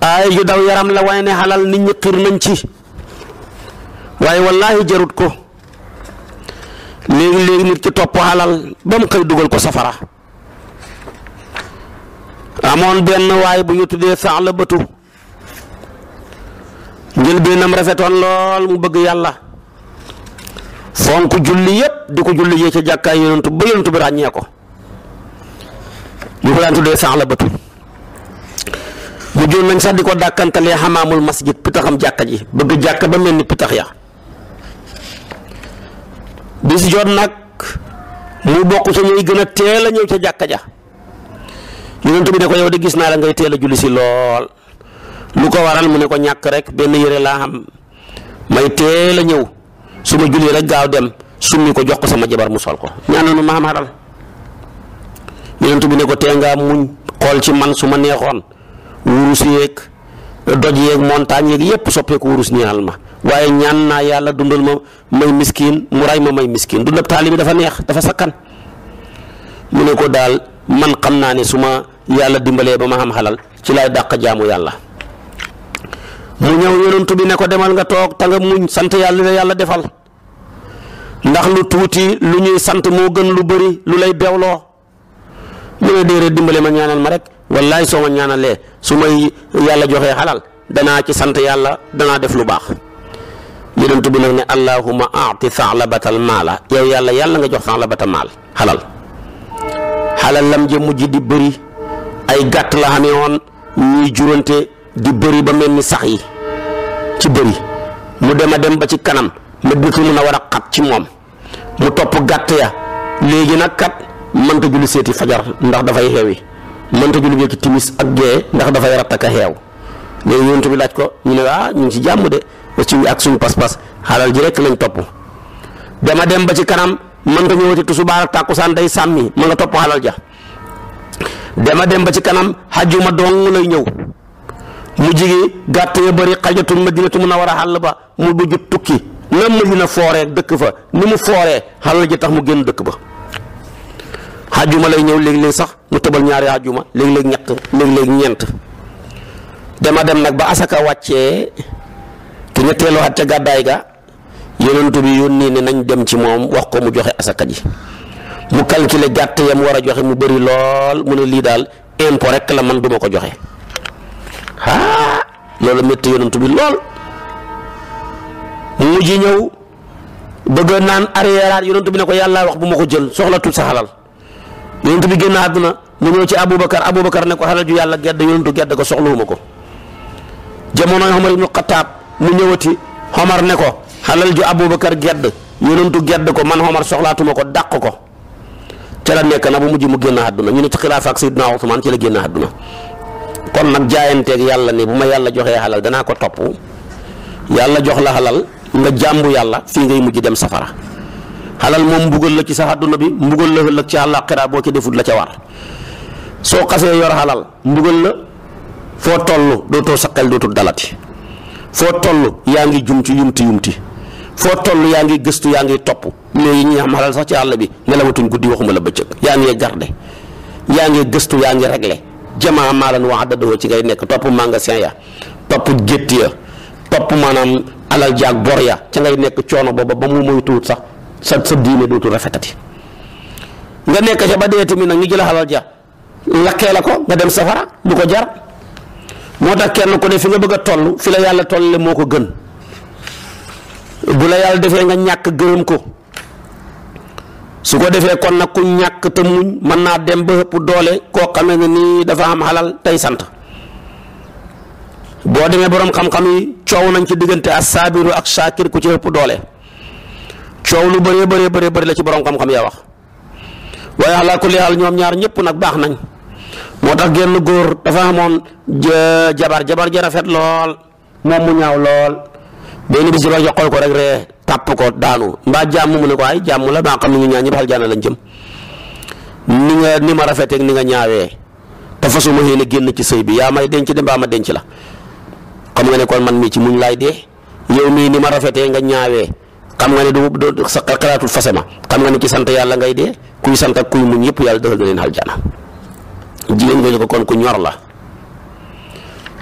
aaya ju daw yaram la waaye ne xalal nit ñi xir nañ ci waaye wallaahi jarut ko léegi-léegi nit ki topp xalal ba mu xëy dugal ko safara amoon benn waaye bu ñu tuddee sax la bëtu njël bennam rafetoon lool mu bëgg yàlla fonk julli yëpp di ko julli yee ca jàkkaay yonentu ba yonentu bi ràññee ko ñu ko daan tuddee sax la bëtu mu joon nañ sax di ko dàkkantalee xamaamul masjid pitaxam jàkka ji bëgg jàkka ba mel ni pitax ya bis jot nag mu bokk sa ñuy gën a teel a ñëw ca jàkka ja yonentu bi ne ko yow de gis naa la ngay teel a julli si lool lu ko waral mu ne ko ñàkk rek benn yére laa xam may teel a ñëw su ma julli rek gaaw dem summi ko jox ko sama jabar mu sol ko ñaananu ma am xaral yonent bi ne ko tee xool ci man su ma neexoon wurus yeeg doj yeeg montagne soppeeku wurus ñaanal ma waaye ñaan naa yàlla dundal ma may miskin mu ray ma may miskin dundab taalibi dafa neex dafa sakkan mu ne ko daal man xam naa ne su ma yàlla dimbalee ba ma am xalal ci laay dàq jaamu yàlla mu ñëw yonantu bi ne ko demal nga toog ta nga muñ sant yàlla la yàlla defal ndax lu tuuti lu ñuy sant moo gën lu bari lu lay bewloo mu ne déedéet dimbale ma ñaanal ma rek wallaay soo ma ñaanalee su may yàlla joxee xalal danaa ci sant yàlla danaa def lu baax yonantu bi nag ne allahuma aati saalabatal maala yow yàlla yàlla nga jox saalabata maal xalal xalal lam je mujj di bëri ay gàtt la xamee woon ñuy jurante di bari ba mel ni sax yi ci bëri mu dem a dem ba ci kanam war a xat ci moom mu topp gàtt ya léegi nag kat mënta julli seeti fajar ndax dafay xewi mënta julli beeki timis ak gee ndax dafay rattaka xeew léegi yonent bi laaj ko ñu ne ah ñu ngi ci jàmm de ci ak suñu pas-pas xalal ji rekk lañ topp dem dem ba ci kanam mënta ñëwati tusubaar ak tàkkusaan day sàmmi ma nga topp xalal ja dem dem ba ci kanam xajuma dong lay ñëw mu jigi gàtt ya bëri xajatul war a xàll ba mu bëgg tukki na madina fooree dëkk fa ni mu fooree xàll ji tax mu génn dëkk ba xajuma lay ñëw léeg-léeg sax mu tëbal ñaari xajuma léeg-léeg ñett léeg-léeg ñeent dama dem nag ba asaka wàccee ki ñetteelu at ca gàddaay ga yonent bi yónni ne nañ dem ci moom wax ko mu joxe asaka ji mu calculé gàtt mu war a joxe mu bëri lool mu ne lii daal impôt rek la man duma ko joxe ah loolu métti yonent bi lool mu mujj ñëw bëgg naan arrière yonent bi ne ko yàlla wax bu ma ko jël soxlatul sa xalal yonent bi génn àdduna mu ñëw ci Aboubacar Aboubacar ne ko xalal ju yàlla gedd yonentu gedd ko soxluwuma ko jamono Omar ibnu Xataab mu ñëwati Omar ne ko xalal ju Aboubacar gedd yonentu gedd ko man Omar soxlaatuma ko dàq ko ca la nekk na bu mujj mu génn àdduna ñu ne ci xilaafa ak Seydina Ousmane ci la génn àdduna kon nag jaayanteeg yàlla ne bu ma yàlla joxee xalal danaa ko topp yàlla jox la xalal nga jàmbu yàlla fii ngay mujj dem safara xalal moom mbugal la ci sa àdduna bi mbugal la ëllëg ci àllaaxira boo ci defut la ca war soo xasee yor xalal mbugal la foo toll dootoo sa xel dootul dalati foo toll yaa ngi jumti yumti yumti foo toll yaa ngi gëstu yaa ngi topp mais yi ñuy xam xalal sax ci àll bi nelawatuñ guddi waxuma la bëccëg yaa ngi garde yaa ngi gëstu yaa ngi réglé jamaa maalan a adadoo ci ngay nekk topp magasin ya topp gétt ya topp maanaam alal jaag bor ya ca ngay nekk coono booba ba mu moytuwut sax sa sa diine dootul rafetati nga nekk ca ba dee tamit nag ñu jël alal ja lakkee la ko nga dem safara du ko jar moo tax kenn ku ne fi nga bëgg a toll fi la yàlla toll moo ko gën bu la yàlla defee nga ñàkk gërëm ko. su ko defee kon nag ku ñàkk te muñ mën naa dem ba ëpp doole koo xamee ne nii dafa am xalal tey sant boo demee boroom xam-xam yi coow nañ ci diggante as-saabiru ak saakir ku ci ëpp doole coow lu baree baree bëree bëri la ci boroom xam-xam yaa wax waaye alaa kulli haal ñoom ñaar ñëpp nag baax nañ moo tax genn góor dafa amoon jabar jabar ja rafet lool moom mu ñaaw lool benn bis jabar ja xool ko rek tàpp ko daanu mbaa jàmm mu ne ko ay jàmm la maa xam ne ñu ñaan ñëpp aljana lañ jëm ni nga ni ma rafetee ni nga ñaawee te fasuma yéene génn ci sëy bi yaa may denc de mbaa ma denc la xam nga ne kon man mii ci muñ laay dee yow mii ni ma rafetee nga ñaawee xam nga ne du du sa fase ma xam nga ne ci sant yàlla ngay dee kuy sant ak kuy muñ yëpp yàlla defal na leen aljana jigéen nga ko kon ku ñor la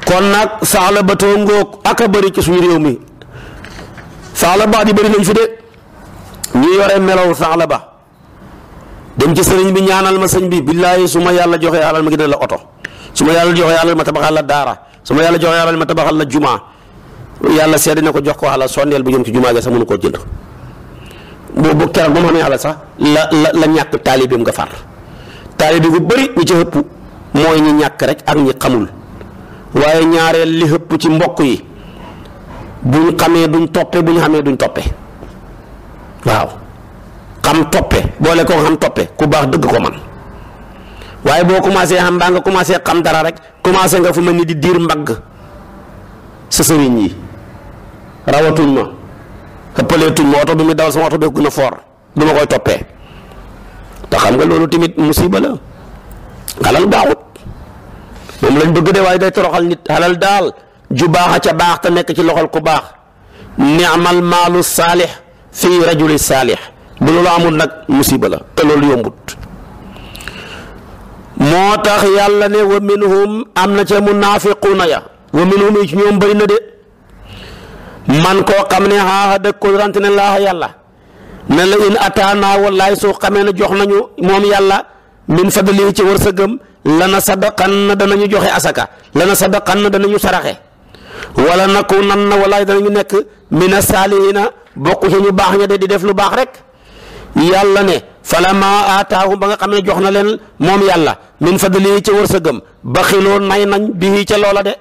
kon nag sax ba toog ngoog ak ci suñu réew mi baax di bari nañ fi de ñu yore melaw Saalaba dem ci sëriñ bi ñaanal ma sëñ bi billaahi su ma yàlla joxee alal ma gën a la oto su ma yàlla joxee alal ma tabaxal la daara su ma yàlla joxee alal ma tabaxal la juma yàlla sedd na ko jox ko alal sondeel bu jëm ci juma ga sax mënu koo jënd bu bu keroog ba mu amee alal sax la la la ñàkk taalibeem nga far taalibe bu bari ñi ci ëpp mooy ñi ñàkk rek ak ñi ñaareel li ci mbokk yi. buñ xamee duñ toppe bu ñu xamee duñ toppe waaw xam toppe boole ko xam toppe ku baax dëgg ko man waaye boo commencé xam mbaa nga commencé xam dara rek commencé nga fu mel ni di diir mbagg sa sëriñ yi rawatuñ ma ëppaleetuñ ma oto bi mu dawal sama oto bi gën a du ma koy toppee te xam nga loolu tamit musiba la xalal baaxut moom lañ bëgg de waaye day toroxal nit xalal daal ju baax a ca baax te nekk ci loxol ku baax ni'mal maalu saalix fii rajuli saalix bu loolu amul nag musiba la te loolu yombut moo tax yàlla ne wa minhum am na ca munaafiquuna ya wa minhum yi ci ñoom bëri na de man koo xam ne xaaxa dëkk ko rante ne laaxa yàlla ne la in ataana wallaay soo xamee na jox nañu moom yàlla min fadli ci sa lana la na danañu joxe asaka na sadaqan na danañu saraxe wala naku nan na walaay danañu nekk mina saalihiina bokk ci ñu baax ña de di def lu baax rek yàlla ne falammaa aataahum ba nga xam ne jox na leen moom yàlla min fadlihi ca wërsëgam baxiloo nay nañ bii ca loola de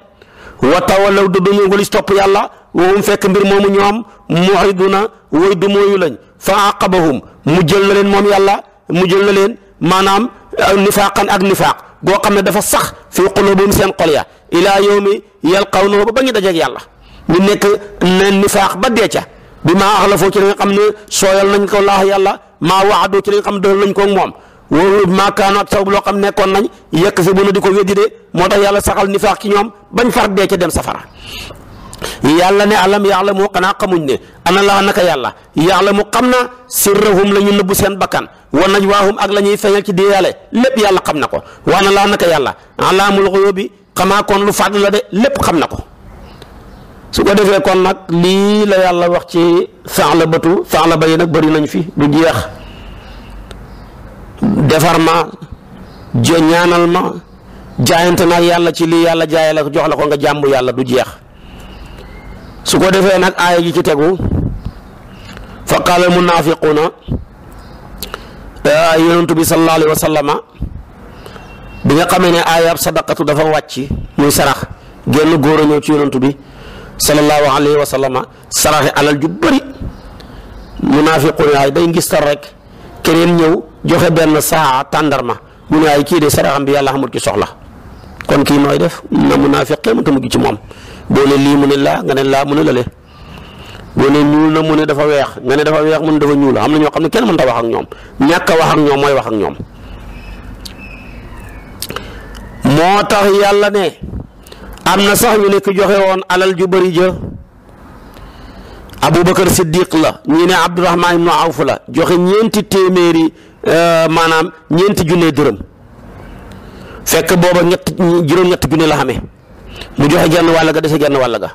wa tawallaw du duñu walis topp yàlla wahum fekk mbir moomu ñoom muriduna woy du mooyu lañ fa aqabahum mu jël na leen moom yàlla mu jël na leen maanaam nifaaqan ak nifaaq goo xam ne dafa sax fi qulubihim seen xol ya ilaa yawmi yalqawnahu ba ba ñu dajeeg yàlla ñu nekk neen nifaax ba dee ca bi ma axlafoo ci li nga xam ne sooyal nañ ko laax yàlla maa waxadoo ci li nga xam ne ko moom wóolu maa kaanoo ak sabab loo xam nekkoon nañ yekk si bu na di ko weddi de moo tax yàlla saxal nifaax ki ñoom bañ far dee ca dem safara yàlla ne alam yaalamu xanaa xamuñ ne ana laa naka yàlla yaalamu xam na sirrahum la ñu nëbbu seen bakkan wa najwaahum ak la ñuy feeñal ci yàlla xam na ko wa ana laa naka yàlla xamaa kon lu fàddu la de lépp xam na ko su ko defee kon nag lii la yàlla wax ci saxla bëtu saxla ba yi nag bari nañ fi du jeex defar ma jo ñaanal ma jaayante naag yàlla ci lii yàlla jaay la jox la ko nga jàmbu yàlla du jeex su ko defee nag aaya ji ci tegu fa qaala al munaafiquuna yonentu bi sallallahu alayhi bi nga xamee ne aayab sadaqatu dafa wàcc muy sarax genn góor a ñëw ci yonantu bi sallallahu alayhi wa sallama saraxe alal ju bëri munaafiqun ay day ngistal rek keneen ñëw joxe benn saa tàndarma mu ne ay kii de saraxam bi yàlla xamul ci soxla kon kii nooy def na munaafiqee mu tamu ci moom boo ne mu ne laa nga laa mu ne ne ñuul na mu ne dafa weex nga ne dafa weex mu dafa ñuul am na ñoo xam ne kenn mënta wax ak ñoom ñàkka a ak ñoom mooy wax ak ñoom moo tax yàlla ne am na sax ñu nekk ki joxe woon alal ju bari jë Aboubacar Siddiq la ñu ne Abdourahman ibnu Awf la joxe ñeenti téeméeri euh, maanaam ñeenti junne dërëm fekk booba ñett juróom-ñett junne la xamee mu joxe genn wàll ga dese genn wàll ga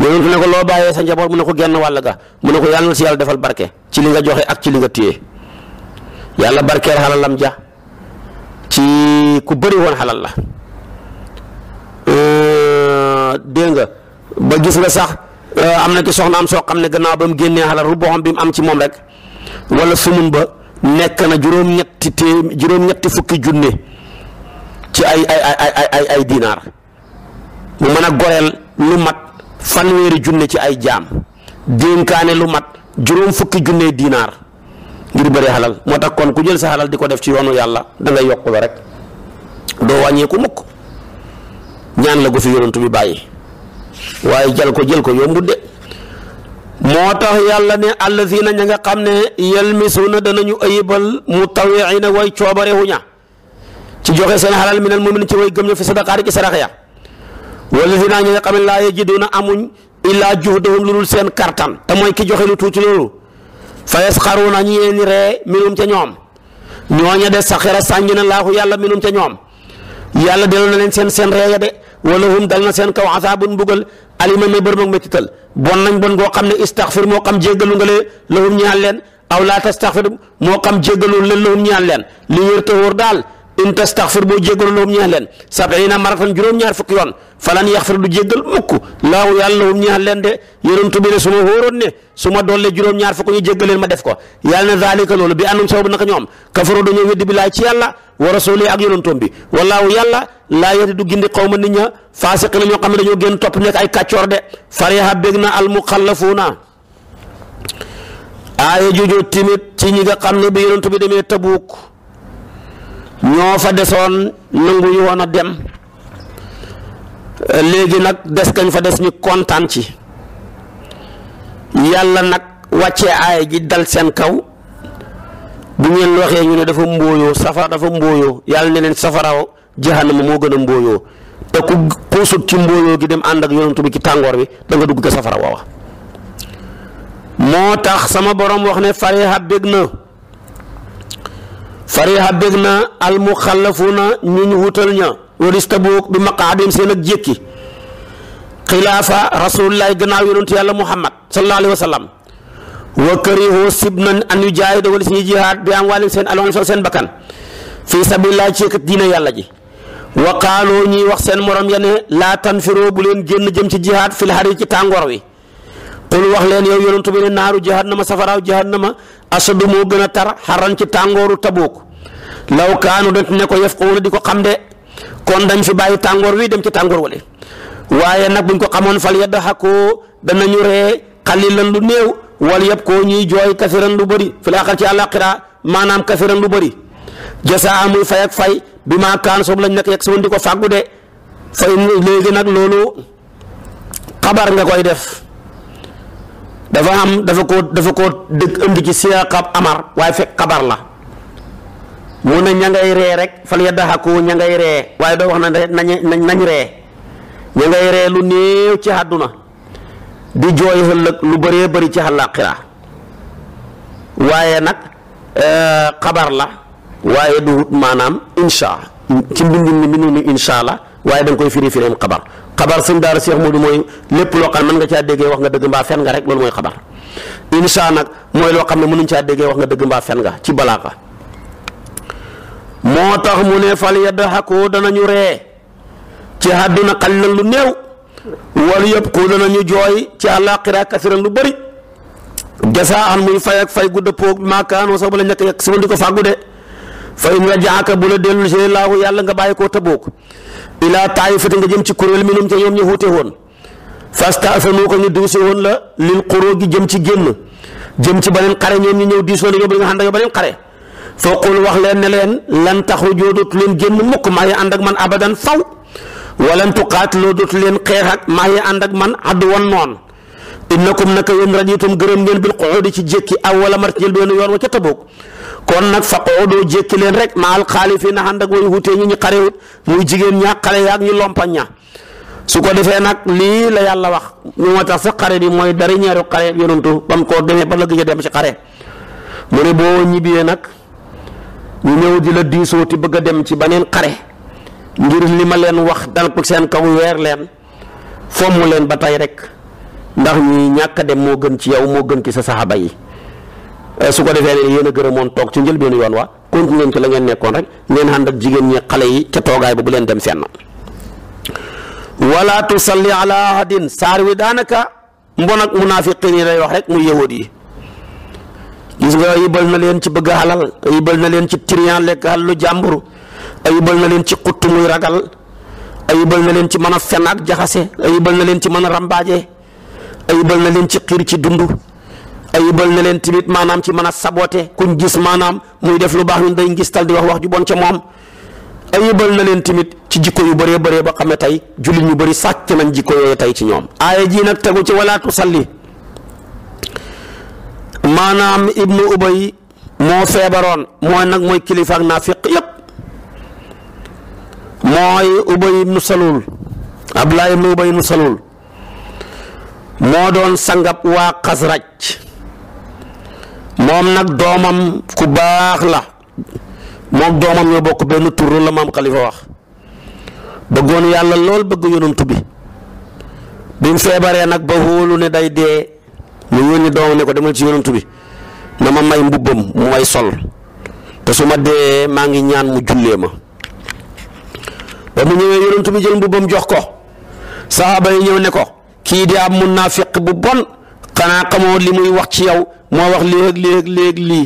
yonent ne ko loo bàyyee sa njaboot mu ne ko genn wàll ga mu ne ko yàlla si yàlla defal barke ci li nga joxe ak ci li nga téye yàlla barkeel lam ja ci ku bari woon xalal la euh, dégg nga ba gis nga sax euh, am na ci soxna am soo xam ne gannaaw ba mu génnee xalal ruboxam bi mu am ci moom rek wala sumun ba nekk na juróom-ñetti té fukki junne ci ay ay ay dinaar mu mën a goreel lu mat fanweeri junne ci ay jaam dénkaane lu mat juróom fukki junne dinaar ngir bëri xalal moo tax kon ku jël sa xalal di ko def ci yoonu yàlla da ngay yokk la rek doo wàññeeku mukk ñaan la gu fi yonantu bi bàyyi waaye jal ko jël ko yombut de moo tax yàlla ne allazina ña nga xam ne yelmisuuna danañu ayibal mutawiina way coobarewu ña ci joxe seen xalal minal mu'minin ci way gëm ña fi sadaqaati ci sarax ya wallazina ña nga xam ne laa yajiduuna amuñ illaa juhdahum lu dul seen kartan te mooy ki joxe lu tuuti loolu fa yasxaruuna ñu yéen ree minum ca ñoom ñooña de saxira sànj na laahu yàlla minum ca ñoom yàlla delloo na leen seen seen reeya de wala hum dal na seen kaw asaabun mbugal alima may bër moog méttital bon nañ bon goo xam ne istaxfir moo xam jéggalu nga lee lahum ñaan leen aw laa tastaxfir moo xam jéggalu leen lahum ñaan leen li wér te daal in tastaxfir boo jéggalu lahum ñeel leen sab'iina maratan juróom-ñaar fukki yoon falan yaxfir du jéggal mukk laahu yàlla lahum ñeel leen de yonent bi ne su ma wóoroon ne su ma dollee juróom-ñaar fukk ñu jéggal leen ma def ko yàlla ne zaalika loolu bi anum sababu naka ñoom kafaroo dañoo weddi bi laay ci yàlla wa rasuuli ak yonentoom bi wallaahu yàlla laa yahdi du gindi xawma nit ña faasiq la ñoo xam ne dañoo génn topp nekk ay kàccoor de fariha bég na al muxallafuuna aaya joojoo timit ci ñi nga xam ne bi yonent bi demee tabuuk ñoo fa desoon nangu ñu woon a dem léegi nag des kañ fa des ñu kontaan ci yàlla nag wàcce aay ji dal seen kaw bu ngeen waxee ñu ne dafa mbóoyoo safara dafa mbóoyoo yàlla ne leen safaraaw jahannama moo gën a mbóoyoo te ku puusut ci mbóoyoo gi dem ànd ak yonantu bi ci tàngoor bi da nga dugg ko safara woowa moo tax sama borom wax ne fariha bég na fariha bég na almuxallafuuna ñu ñu wutal ña waris tabuuk bi maqaadim seen ak jékki xilaafa rasulillahi gannaaw yonentu yàlla muhammad sallallahu alayhi wa sallam wa karihu sib nañ an yu jaay da wala si ñuy jihaad bi am wàllin seen alwan seen bakkan fii sabilillahi ci diina yàlla ji wa ñuy wax seen morom ya ne laa tanfiroo bu leen génn jëm ci jihaad fil ci tàngoor wi qul wax leen yow yonent bi ne naaru jahannama safaraaw jahannama asadu moo gën a tar xaran ci tàngooru tabuuk law kaanu dañ ne ko yafqahuuna di ko xam de kon dañ fi bàyyi tàngoor wi dem ci tàngoor wale waaye nag buñ ko xamoon fal yadhakoo danañu ree xalilan lu néew wal yëpp koo ñuy jooy kasiran lu bëri fi laaxar ci àllaaxira maanaam kasiran lu bari jasaa muy fay ak fay bi maa kaan soobu lañ nekk yegg si woon di ko fàggu de fay léegi nag loolu koy def. dafa am dafa ko dafa ko dëgg ëmb ci siyaaqab amar waaye fekk xabar la mu ne ña ngay ree rek fal yadhaku ña ngay ree waaye doo wax na nañ nañ ree ña ree lu néew ci àdduna di jooy ëllëg lu baree bari ci àllaaxira waaye nag euh, xabar la waaye du maanaam insha ci mbindin mi mbindu ni insha la waaye da koy firi firim xabar xabar sëñ daara Cheikh Modou mooy lépp loo xam ne mën nga caa déggee wax nga dëgg mbaa fen nga rek loolu mooy xabar insha nag mooy loo xam ne mënuñ caa déggee wax nga dëgg mbaa fen ci balaaxa moo tax mu ne fal yadhaku danañu ree ci àdduna xalilan lu néew wala yëpp ku danañu jooy ci àllaaxira kasiran lu bëri jasaan muy fay ak fay gu dëppoog maakaan wa sax ba la ñàkk yàq sama ko fàggu de fa in rajaaka bu la dellu see laahu yàlla nga bàyyi koo tabook ilaa taayifati nga jëm ci kuréel minum ca ñoom ñu xuute woon fastaasanu ko ñu diwsi woon la lil xuroo gi jëm ci génn jëm ci beneen xare ñoom ñu ñëw diisoo na ñoo ba nga xam dañoo beneen xare foqul wax leen ne leen lan taxu joo dootu leen génn mukk maa ngi ànd ak man abadan faw walan loo dootu leen xeex ak maa ngi ànd ak man addu wan noon innakum naka yéen rajitum gërëm ngeen bil quudi ci jékki aw wala mar jël benn yoon wa ca tabook kon nag fa qoodoo jékki leen rek maal xaalifiina ànd ak way wutee ñu ñu xarewut muy jigéen ñaa xale yaag ñu lompañ ña su ko defee nag lii la yàlla wax ñu moo tax sa xare bi mooy dari ñeeru xare yonantu bam koo demee ba la gëj a dem ci xare mu ne boo ñibbee nag ñu ñëw di la diisoo ti bëgg a dem ci beneen xare ngir li ma leen wax dal ko seen kaw weer leen fomm leen ba tey rek ndax ñuy ñàkk dem moo gën ci yow moo gën ci sa saxaba yi Eh, su ko defee ne yéen a gërëmoon toog ci njëlbeenu yoon wa continué leen ci la ngeen nekkoon rek ngeen ànd ak jigéen ñi xale yi ca toogaay ba bu leen dem seen wala tusalli ala ahadin saar wi daanaka mbon ak munaafiqiin yi lay wax rek muy yahuud yi gis nga ayibal na leen ci bëgg xalal ayibal na leen ci trian lekk xalalu jàmbur ayibal na leen ci xutt muy ragal ay ayibal na leen ci mën a fen ak jaxase ayibal na leen ci mën a rambaaje ayibal na leen ci xiir ci dund ayibal na leen tamit maanaam ci mën a saboté kuñ gis maanaam muy def lu baax ñun day ngistal di wax wax ju bon ca moom ayibal na leen tamit ci jikko yu bëree bëree ba xam ne tey jullit ñu bëri sàcc nañ jikko yooyu tey ci ñoom aaya jii nag tegu ci wala tusalli maanaam ibnu ubay moo feebaroon mooy nag mooy kilifaak naafiq yépp mooy ubay ibnu salul abdullah ibnu ubay ibnu salul moo doon sangab waa xasraj moom nag doomam ku baax la moom doomam ñoo bokk benn tur la maam Khalifa wax bëggoon yàlla lool bëgg yonantu bi bi mu feebaree nag ba wóolu ne day dee mu yónni doomam ne ko demal ci yonantu bi na ma may mbubbam mu may sol te su ma dee maa ngi ñaan mu jullee ma ba mu ñëwee yonantu bi jël mbubbam jox ko saxaaba yi ñëw ne ko kii di am munaafiq bu bon xanaa xamoo li muy wax ci yow moo wax lii ak lii ak lii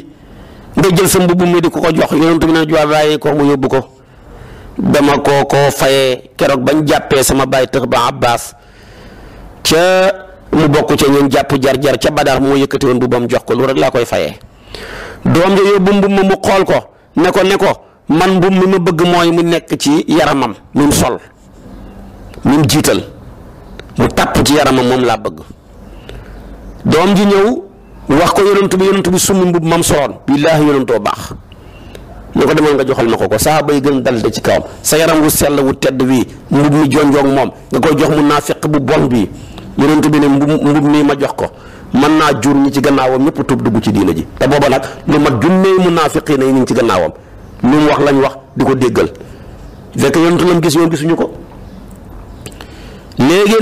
nga jël sa mbubb mi di ko ko jox yonent bi ne juwaat raay ko mu yóbbu ko dama koo koo fayee keroog bañ jàppee sama bàyyi tëx ba Abbas ca mu bokk ca ñun jàpp jar-jar ca Badar moo yëkkati woon mbubbam jox ko lu rek laa koy faye doom ja mbubb mu xool ko ne ko ne ko man mbubb mi ma bëgg mooy mu nekk ci yaramam mi sol mi mu jiital mu tàpp ci yaramam moom laa bëgg doom ji ñëw wax ko yonent bi yonent bi summi mbub mam soroon billaahi yonentoo baax ñu ko demal nga joxal ma ko ko saaba yi gën dal de ci kawam sa yaram wu sell wu tedd wi mbub mi jonjoog moom nga koy jox mu naafiq bu bon bi yonent bi ne mbub mbub mii ma jox ko mën naa jur ñi ci gannaawam ñëpp tub dugg ci diina ji te booba nag lu mat junnee munaafiqiina yi ñu ngi ci gannaawam lu mu wax lañ wax di ko déggal fekk yonent lam gis yoon gisuñu ko léegi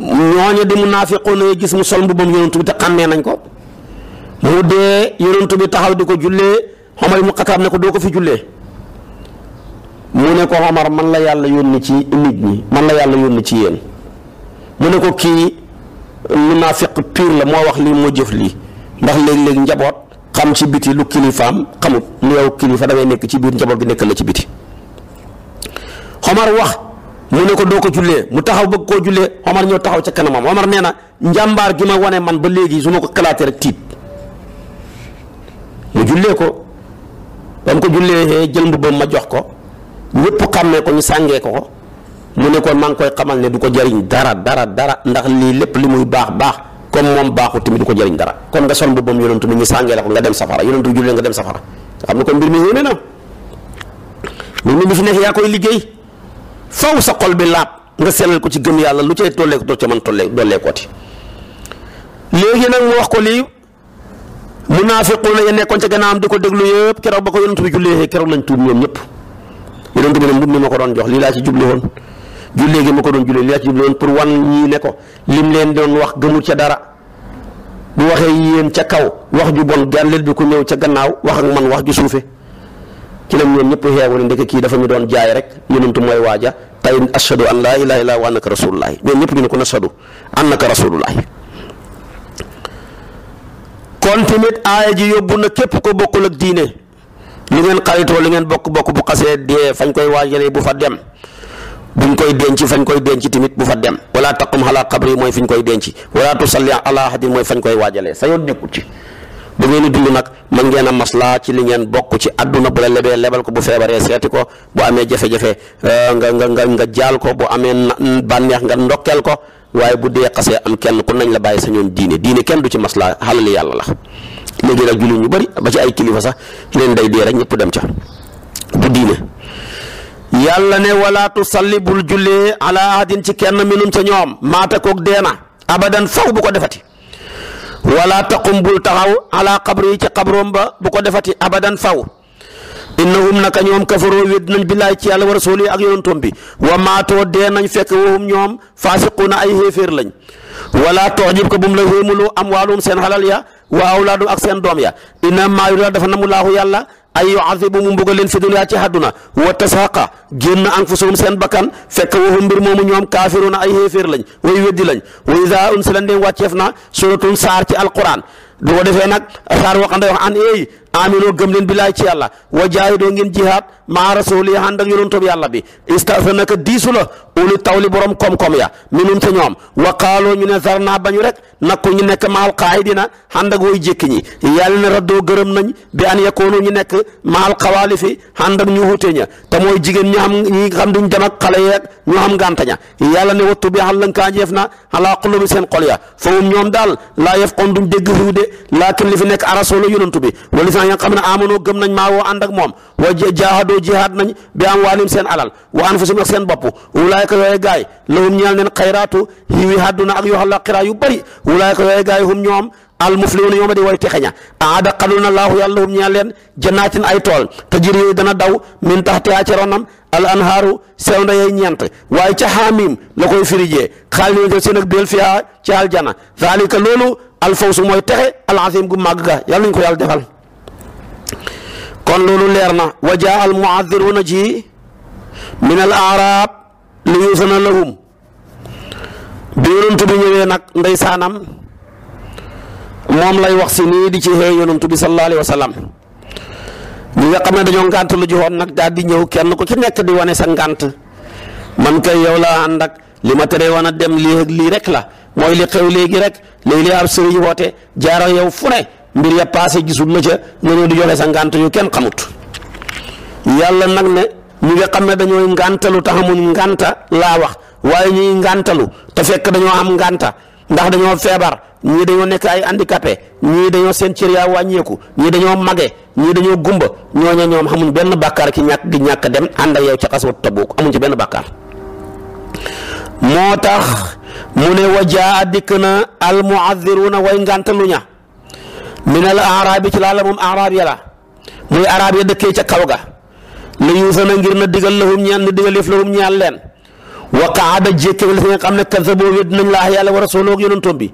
ñooñu di munaafiqoon yi gis mu sol mbubbam yonent bi te xàmmee nañ ko mu dee yonent bi taxaw di ko jullee Omar ibnu Xataab ne ko doo ko fi jullee mu ne ko Omar man la yàlla yónni ci nit ñi man la yàlla yónni ci yéen mu ne ko kii munaafiq piir la moo wax lii moo jëf lii ndax léeg-léeg njaboot xam ci biti lu kilifaam xamut lu yow kilifa da ngay nekk ci biir njaboot gi nekk la ci biti Omar wax. mu ne ko doo ko jullee mu taxaw bëgg koo jullee Omar ñoo taxaw ca kanamam Omar nee na njàmbaar gi ma wane man ba léegi su ma ko xalaatee rek tiit mu jullee ko ba mu ko jullee jël mbubbam ma jox ko ñëpp xàmmee ko ñu sàngee ko ko mu ne ko maa ngi koy xamal ne du ko jariñ dara dara dara ndax lii lépp li muy baax baax comme moom baaxul tamit du ko jariñ dara comme nga sol mbubbam yonentu bi ñu sàngee la ko nga dem safara yonentu jullee nga dem safara xam ne kon mbir mi yéeme na lu mu fi nekk yaa koy liggéey. faw sa xol bi laab nga sellal ko ci gëm yàlla lu cay tollee ko doo ca mën tollee dollee kooti léegi nag mu wax ko lii munaafiquuna ya nekkoon ca gannaawam di ko déglu yëpp keroog ba ko yonent bi jullee keroog lañ tuub ñoom ñëpp yonent bi ne mbub mi ma ko doon jox lii laa ci jubli woon jullee gi ma ko doon jullee lii laa ci jubli woon pour wan ñii ne ko mu leen doon wax gëmul ca dara bu waxee yéen ca kaw wax ju bon gànleel bi ku ñëw ca gannaaw wax ak man wax ju suufe ci lañ ñoom ñëpp xeewu ne ndeke kii dafa ñu doon jaay rek yonentu mooy waaja tey ashadu an laa ilaaha illallaah wa annaka rasulullaahi ñoom ñëpp ñu ne ko nashadu naka rasulullaahi kon tamit aaya ji yóbbu na képp ko bokkul ak diine lu ngeen xaritoo li ngeen bokk bokk bu xasee dee fañ koy waajalee bu fa dem buñ koy denc fañ koy denc tamit bu fa dem wala taqum ala qabri mooy fiñ koy denc wala tusalli ala ahadin mooy fañ koy waajalee sa yoon nekkul ci ba ngeen di dund nag mën ngeen a maslaa ci li ngeen bokk ci àdduna bu la lebee lebal ko bu feebaree seeti ko bu amee jafe-jafe euh, nga nga nga jaal ko bu amee bànneex nga ndokkeel ko waaye bu dee xasee am kenn ku nañ la bàyyi sa ñoon diine diine kenn du ci maslaa xalali yàlla la léegi nag jullit ñu bari ba ci ay kilifa sax leen day dee rek ñëpp dem ca bu diine yàlla ne wala tusalli bul jullee ala ci kenn minum sa ñoom maata koog dee na abadan faw bu ko defati wala taqum bul taxaw ala xabri yi ci xabroom ba bu ko defati abadan faw innahum naka ñoom kafaroo wedd nañ billaay ci yàlla wa rasuul yi ak yonentom bi wa maatoo dee nañ fekk wahum ñoom faasiquuna ay xéeféer lañ wala toxjib ko bu mu la xéemuloo am waalum seen xalal ya wa awlaadum ak seen doom ya inna maa yurida dafa namu laaxu yàlla ay yuazibu mu mbugal leen fi duniyaa ci àdduna wa tashaqa génn anfusahum seen bakkan fekk waxu mbir moomu ñoom kaafiruuna ay xéeféer lañ way weddi lañ wa iza unsilat leen wàcceef na suratun saar ci alquran du ko defee nag saar waxande wax an eey aminoo gëm leen billaay ci yàlla wa jaahidoo ngeen jihaad maa rasuuli ànd ak yonentu yàlla bi istasanaka diisu la ulu tawli borom koom-koom ya minum te ñoom wa qaaloo ñu ne sar naa bañu rek nakku ñu nekk maal qaayidina ànd ak woy jékki ñi yàlla ne raddoo gërëm nañ bi an yakoonu ñu nekk maal xawaalifi ànd ak ñu wuute ña te mooy jigéen ñi xam ñi xam duñ dem ak xale yeeg ñu xam gànta ña yàlla ne wattu bi xal lankaanjeef na alaa qulubi seen xol ya fa hum ñoom daal laa yafqoon duñ li fi nekk arasoo la yonentu gens yi nga xam ne amanoo gëm nañ maa ànd ak moom wa jaahadoo jihaad nañ bi am waalim seen alal wa anfusum ak seen bopp wulaayka yooye gaay lahum ñeel neen xayraatu yiwi hadduna ak yoo xam laaxiraa yu bëri wulaayka yooye gaay hum ñoom al muflihuuna ñoom di way texeña aada xalul na laahu yàlla hum ñeel leen jannaatin ay tool tajri yooyu dana daw min taxtihaa ca ronam al anhaaru sew nda yey ñeent waaye ca xaamim la koy firijee xaalidina jël seen ak déel fiyaa ci aljana zalika loolu al fawsu mooy texe al azim kon loolu leer na wa jaa al muadiruuna ji min al arab li yusana lahum bi yonent bi ñëwee nag ndeysaanam moom lay wax si nii di ci xëy yonent bi sallallahu alayhi wa sallam ñi nga xam ne dañoo ngànt lu joxoon nag daal di ñëw kenn ku ci nekk di wane sa ngànt man kay yow la ànd ak li ma teree wan a dem lii lii rek la mooy li xew léegi rek léegi li ab sëriñ woote jaara yow fu ne mbir ya passé gisul la ca nga ñëw di joxe sa ngànt yu kenn xamut yàlla nag ne ñi nga xam ne dañooy ngàntalu te xamuñ ngànta laa wax waaye ñuy ngàntalu te fekk dañoo am ngànta ndax dañoo feebar ñii dañoo nekk ay handicapé ñii dañoo seen cër yaa wàññeeku ñii dañoo mage ñii dañoo gumba ñooñu ñoom xamuñ benn bàkkaar ki ñàkk di ñàkk dem ànd ak yow ca xas wut Tabuuk amuñ ci benn bàkkaar moo tax mu ne wa dikk na al muaddiruuna way ngàntalu ña minal aaraabi ci laala moom aaraab ya la muy araab ya dëkkee ca kaw ga la ngir na digal lahum ñaan na digal yëf lahum ñaan leen wa qaada jékkee li nga xam ne kan sa boobu dinañ laax yàlla war a sooloo ak yonentoom bi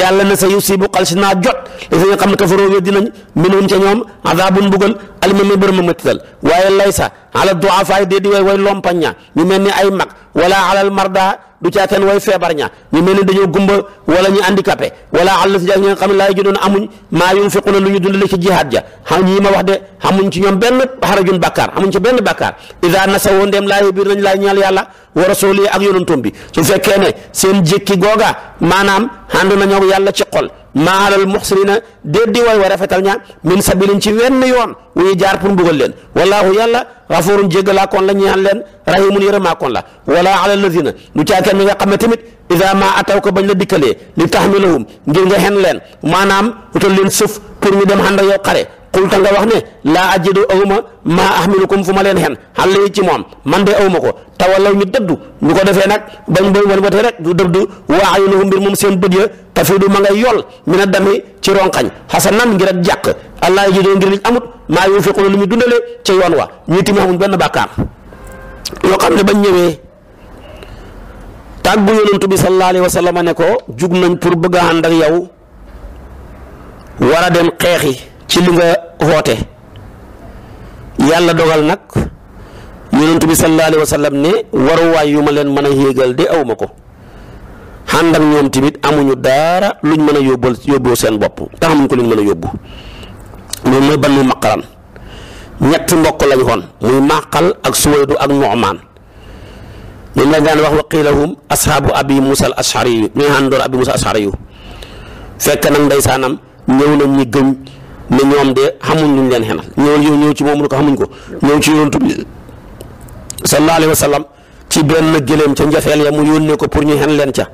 yàlla ne sa yusibu xal si naa jot li nga xam ne kafaroo wéet dinañ minhum ca ñoom azaabun mbugal alimam mi bërëma méttital waaye laysa ala duafaay dee di way way lompañ ña ñu mel ni ay mag wala alal marda du caateen way feebar ña ñu mel ni dañoo gumba wala ñu handicapé wala àll si ñi nga xam ne laa jëndoon amuñ maa yunfiquna lu ñu dundale ci jihaad ja xam ñi ma wax de xamuñ ci ñoom benn xarajun bàkkaar xamuñ ci benn bàkkaar ida nasawoo ndem laayi biir nañ laay ñaal yàlla wa rasuli ak yonantum bi su fekkee ne seen jékki googa maanaam ànd nañoo yàlla ci xol maalal muxsinina déet di way wa rafetal ña min sabilin ci wenn yoon wuy jaar pour mbugal leen wallahu yàlla xafurun jéggalaa koon la ñaan leen rahimun yërëmaa koon la wala ala lazina lu caaken mi nga xam ne tamit ida ma ataw ko bañ la dikkalee li taxmilahum ngir nga xen leen maanaam utal leen suuf pour ñu dem ànd ak yow qulta nga wax ne laa ajidu awma maa ahmilukum fu ma leen xen xale yi ci moom man de awma ko tawallaw ñu dëddu ñu ko defee nag bañ boy wan watee rek du dëddu wa ayunuhum mbir moom seen bët ya tafidu ma ngay yol mi na dami ci ronqañ xasanan ngir ak jàq allah jidoo ngir liñ amut maa yunfiquna lu ñu dundale ca yoon wa ñuy timi xamuñ benn bàkkaar yoo xam ne bañ ñëwee tàggu yonent bi sallallahu alayhi wa sallam ne ko jug nañ pour bëgg ànd ak yow war a dem xeexi ci li nga woote yàlla dogal nag yonent bi sallallahu alayhi wa sallam ne waruwaay yu ma leen mën a yéegal de awma ko ànd ak ñoom tamit amuñu dara luñ mën a yóbbal yóbboo seen bopp te ko luñ mën a yóbbu moom mooy banu maqaran ñett mbokk lañ xoon muy màqal ak suwaydu ak noomaan ñoom lañ daan wax wa qiilahum ashaabu abi musa al ashari yu ñooy àndoor abi musa al fekk nag ndeysaanam ñëw nañ ñi gëm ne ñoom de xamuñ luñ leen xenal ñëwal yow ci moom ne ko xamuñ ko ñëw ci yonent bi ci benn gëléem ca njafeel ya mu yónnee ko pour ñu xen leen ca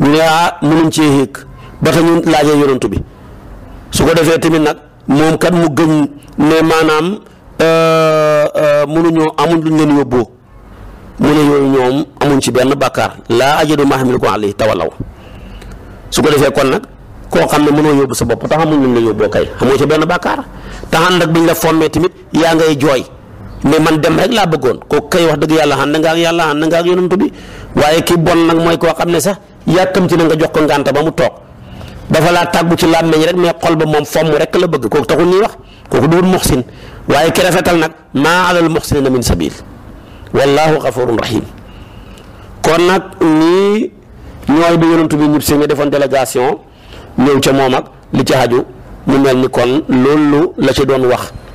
ñu ne ah mënuñ cee ñu laajee yonent bi su ko defee tamit nag moom kat mu gëñ ne maanaam euh, euh, mënuñoo amuñ luñ leen yóbboo mun ne yooyu ñoom amuñ ci benn bàkkaar laa ajidu maa ahmilukum alayhi tawallaw su ko defee kon nag. koo xam ne mënoo yóbbu sa bopp tax amuñ luñ la yóbboo kay amoo ci benn bàkkaar taxan nag buñ la fommee tamit yaa ngay jooy mais man dem rek laa bëggoon ko kay wax dëgg yàlla xan na nga ak yàlla xan na nga ak yonent bi waaye ki bon nag mooy koo xam ne sax yàkkamti na nga jox ko ngànta ba mu toog dafa laa tàggu ci làmmeñ rek mais xol ba moom fomm rek la bëgg kooku taxul ñuy wax kooku duwul muxsin waaye ki rafetal nag maa alal muxsinina min sabil wallahu xafurun rahim kon nag ñii ñooy bi yonent bi ñib si nga defoon délégation ñëw ca moom ak li ci haju mu mel ni kon loolu la ci doon wax